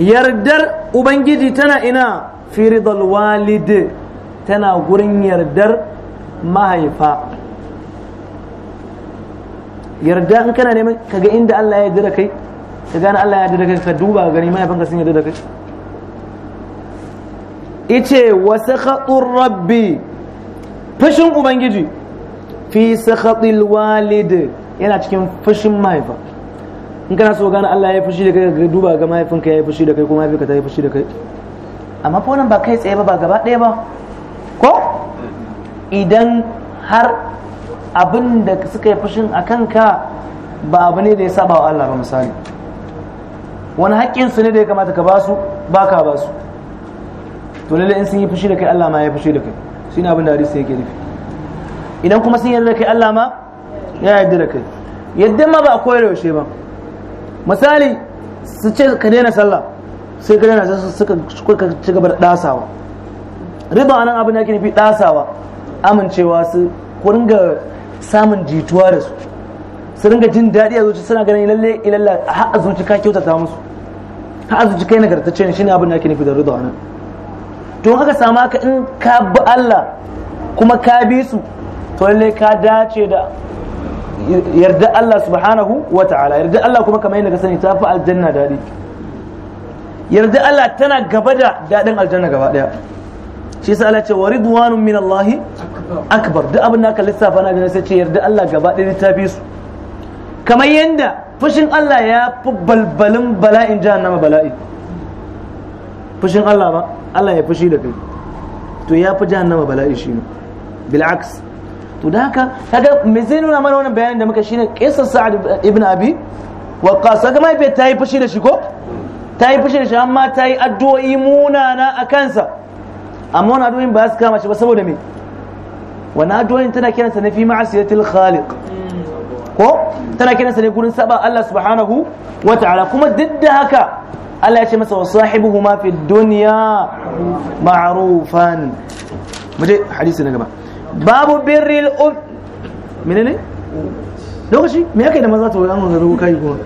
yardar ubangiji tana ina fi ridal walide. tana gurin yardar mahaifa yarda in kana neman kaga inda Allah ya yarda da kai ka gane Allah ya yarda da kai ka duba gani mahaifanka sun yarda da kai ice wa sakhatun rabbi fashin ubangiji fi sakhatil walid yana cikin fashin mahaifa in kana so gane Allah ya fushi da kai ka duba ga mahaifinka ya fushi da kai kuma mahaifinka ta yi fushi da kai amma fa wannan ba kai tsaye ba ba gaba ɗaya ba ko idan har abin da suka yi fushin a kanka ba abu ne da ya saba wa Allah ba misali wani haƙƙinsu ne da ya kamata ka basu ba ka basu to lalle in sun yi fushi da kai Allah ma ya fushi da kai shi ne abin da hadisi yake nufi idan kuma sun yi da kai Allah ma ya yarda da kai yadda ma ba a koyar yaushe ba misali su ce ka daina sallah sai ka daina sai suka ci gaba da dasawa rida anan abin da ake nufi dasawa amincewa su ku ringa samun jituwa da su su ringa jin daɗi a zuci suna ganin lalle ilalla ha a zuci ka kyautata musu ha a zuci kai nagartacce ne shine abin da ake nufi da rida anan to haka samu haka in ka bi Allah kuma ka bi su to lalle ka dace da yarda Allah subhanahu wa ta'ala yarda Allah kuma kamar yadda ka sani ta fi aljanna daɗi yarda Allah tana gaba da daɗin aljanna gaba ɗaya shi yasa Allah ce wa ridwanun min Allah akbar duk abin da aka lissafa na ganin sai ce yarda Allah gaba ɗaya littafi su kamar yanda fushin Allah ya fi balbalin bala'in jahannama bala'i fushin Allah ba Allah ya fushi da kai to ya fi jahannama bala'i shi ne bil'aks to da haka kaga me zai nuna mana wannan bayanin da muka shine qisas sa'ad ibn abi waqqas kaga mai ta yi fushi da shi ko ta yi fushi da shi amma ta yi addu'o'i munana a kansa amma wani addu'o'in ba su kama shi ba saboda me wani addu'o'in tana kiransa na fi ma'asiyatil khaliq ko tana kiransa ne gurin saba Allah subhanahu wa ta'ala kuma duk da haka Allah ya ce masa wa sahibuhu ma fi dunya ma'rufan muje hadisi na gaba babu birril um menene lokaci me yake da maza to an kuma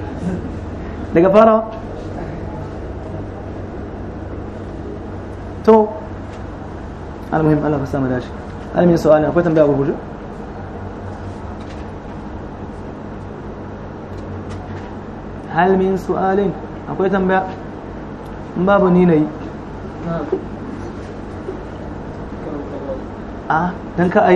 daga to المهم الله ka samu dashi almin su'ali akwai tambaya ba guje hal min su'alin akwai tambaya in babu ni nayi a dan ka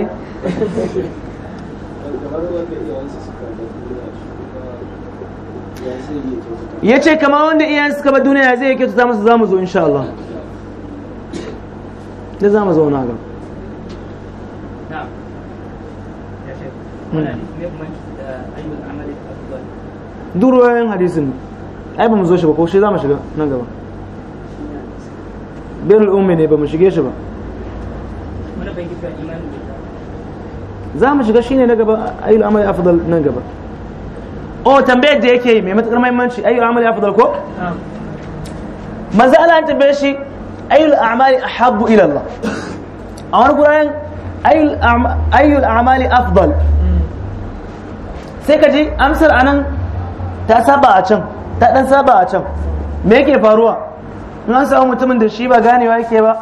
ya ce kama wanda iyayensu suka bar duniya zai yake kyautata musu zamu zo insha Allah da za mu zauna ga hmm. eh, duroyoyin hadisin ai ba mu zo shi ba ko shi za mu shiga nan gaba birul ummi ne ba mu shige shi ba za mu shiga shine na gaba ayyul amali afdal nan gaba o tambayar da yake yi mai matukar muhimmanci ayyul amali afdal ko manzo Allah ya tambaye shi ayyul a'mali ahabbu ila Allah a wani guraren ayyul a'mali afdal sai ka ji amsar anan ta saba a can ta dan saba a can me yake faruwa in an samu mutumin da shi ba ganewa yake ba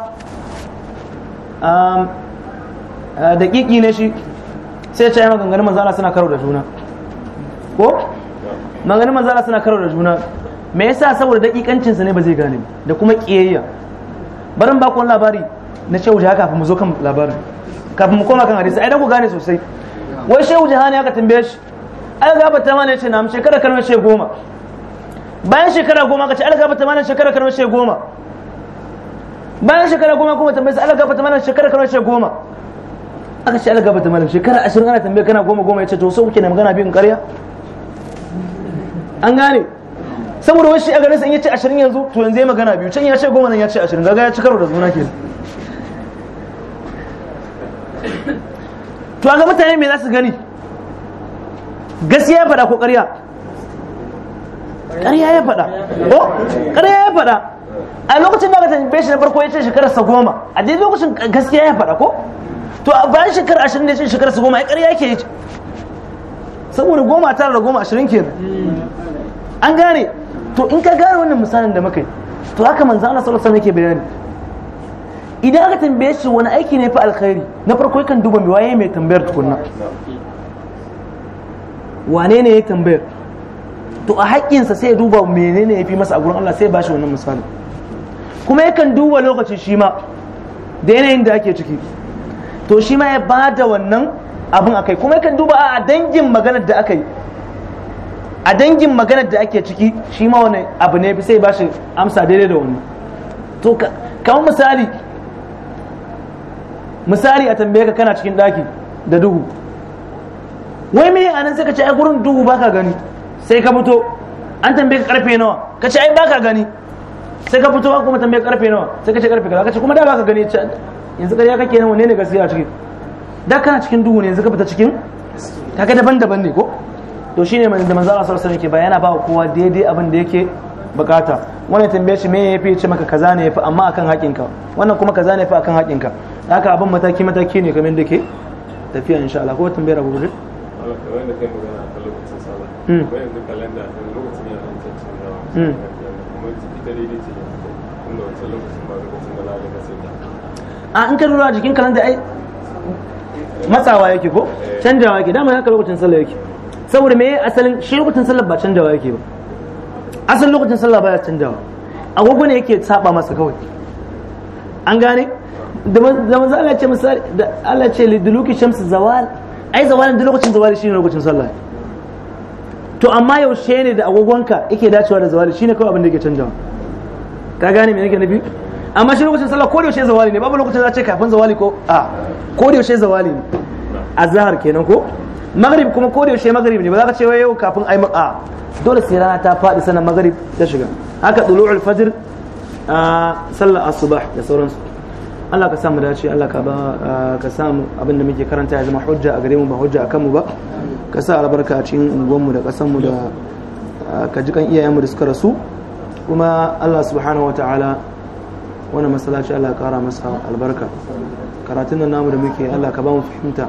da daƙiƙi ne shi sai ce maganganun manzala suna karo da juna ko maganganun manzala suna karo da juna me yasa saboda dakikancinsa ne ba zai gane da kuma kiyayya barin bakon labari na shehu jihar kafin mu zo kan labarin kafin mu koma kan hadisi ai dan ku gane sosai wai shehu jihar ne aka tambaye shi an ta mana ya ce na shekara kalmar she goma bayan shekara goma ka ce an ta mana shekara kalmar she goma bayan shekara goma kuma tambaye su an ta mana shekara kalmar she goma aka ce an ta mana shekara ashirin ana tambaye kana goma goma ya ce to sau kuke na magana biyun karya an gane saboda wani shi a garin sa in yace 20 yanzu to yanzu ya magana biyu can ya ce goma nan ya ce 20 kaga ya ci karo da zuna ke to ga mutane me za su gani gaskiya ya faɗa ko ƙarya ƙarya ya faɗa ko oh, ƙarya ya faɗa a lokacin da aka tambaye shi na farko ya ce shekarar sa goma a dai lokacin gaskiya ya faɗa ko to a bayan shekarar ashirin da ya ce shekarar sa goma ya ƙarya yake saboda goma tara da goma ashirin kenan an gane to in ka gane wannan misalin da muka yi to haka manzo Allah sallallahu alaihi wasallam yake bayani idan aka tambaye shi wani aiki ne fa alkhairi na farko yakan duba mai waye mai tambayar tukunna wane ne ya tambayar to a haƙƙinsa sai ya duba menene ya fi masa a gurin Allah sai ya bashi wannan misali kuma yakan duba lokacin shi ma da yanayin da ake ciki to shi ma ya ba da wannan abin a kai kuma yakan duba a dangin maganar da aka yi a dangin maganar da ake ciki shi ma wani abu ne sai ba shi amsa daidai da wani to kamar misali misali a tambaye ka kana cikin daki da duhu wai me anan sai ka ci ai gurin duhu baka gani sai ka fito an tambaye ka karfe nawa ka ce ai baka gani sai ka fito kuma tambaye karfe nawa sai ka ci karfe kaza ka kuma da baka gani yanzu kariya kake nan wanne ne gaskiya a cikin da kana cikin duhu ne yanzu ka fita cikin kaga daban-daban ne ko to ne da manzara Allah sallallahu ke bayana ba kowa daidai abin da yake bukata wannan tambaye shi me fi ce maka kaza ne fi amma akan haƙinka wannan kuma kaza ne fi akan haƙinka haka abin mataki mataki ne kamar da ke tafiya insha Allah ko tambayar Abu ne magana a lokacin bayan da da kuma ce ba a in ka lura jikin kalanda ai matsawa yake ko eh. canjawa yake dama haka lokacin sallah yake saboda me asalin shi lokacin sallah ba canjawa yake ba asalin lokacin sallah ya canjawa agogo ne yake saba masa kawai an gane da manzo Allah ce misali da Allah ce liduluki shamsu zawal ai zawalin duk lokacin zawali shine lokacin sallah to amma yaushe ne da agogonka yake dacewa da zawali shine kawai abin da yake canjawa ka gane me nake nabi amma shi lokacin sallah ko da yaushe zawali ne babu lokacin za ce kafin zawali ko a ko da yaushe zawali ne azhar kenan ko magrib kuma ko da yaushe maghrib ne ba za ka ce wai yau kafin ai a dole sai rana ta faɗi sanan magrib ta shiga haka tulu'ul fajr sallar asubah da sauransu Allah ka samu dace Allah ka ba ka samu abinda muke karanta ya zama hujja a gare mu ba hujja a kanmu ba ka sa albarka a cikin unguwanmu da mu da ka ji kan iyayenmu da suka rasu kuma Allah subhanahu wataala wannan masallaci Allah ya kara masa albarka karatun nan namu da muke Allah ka ba mu fahimta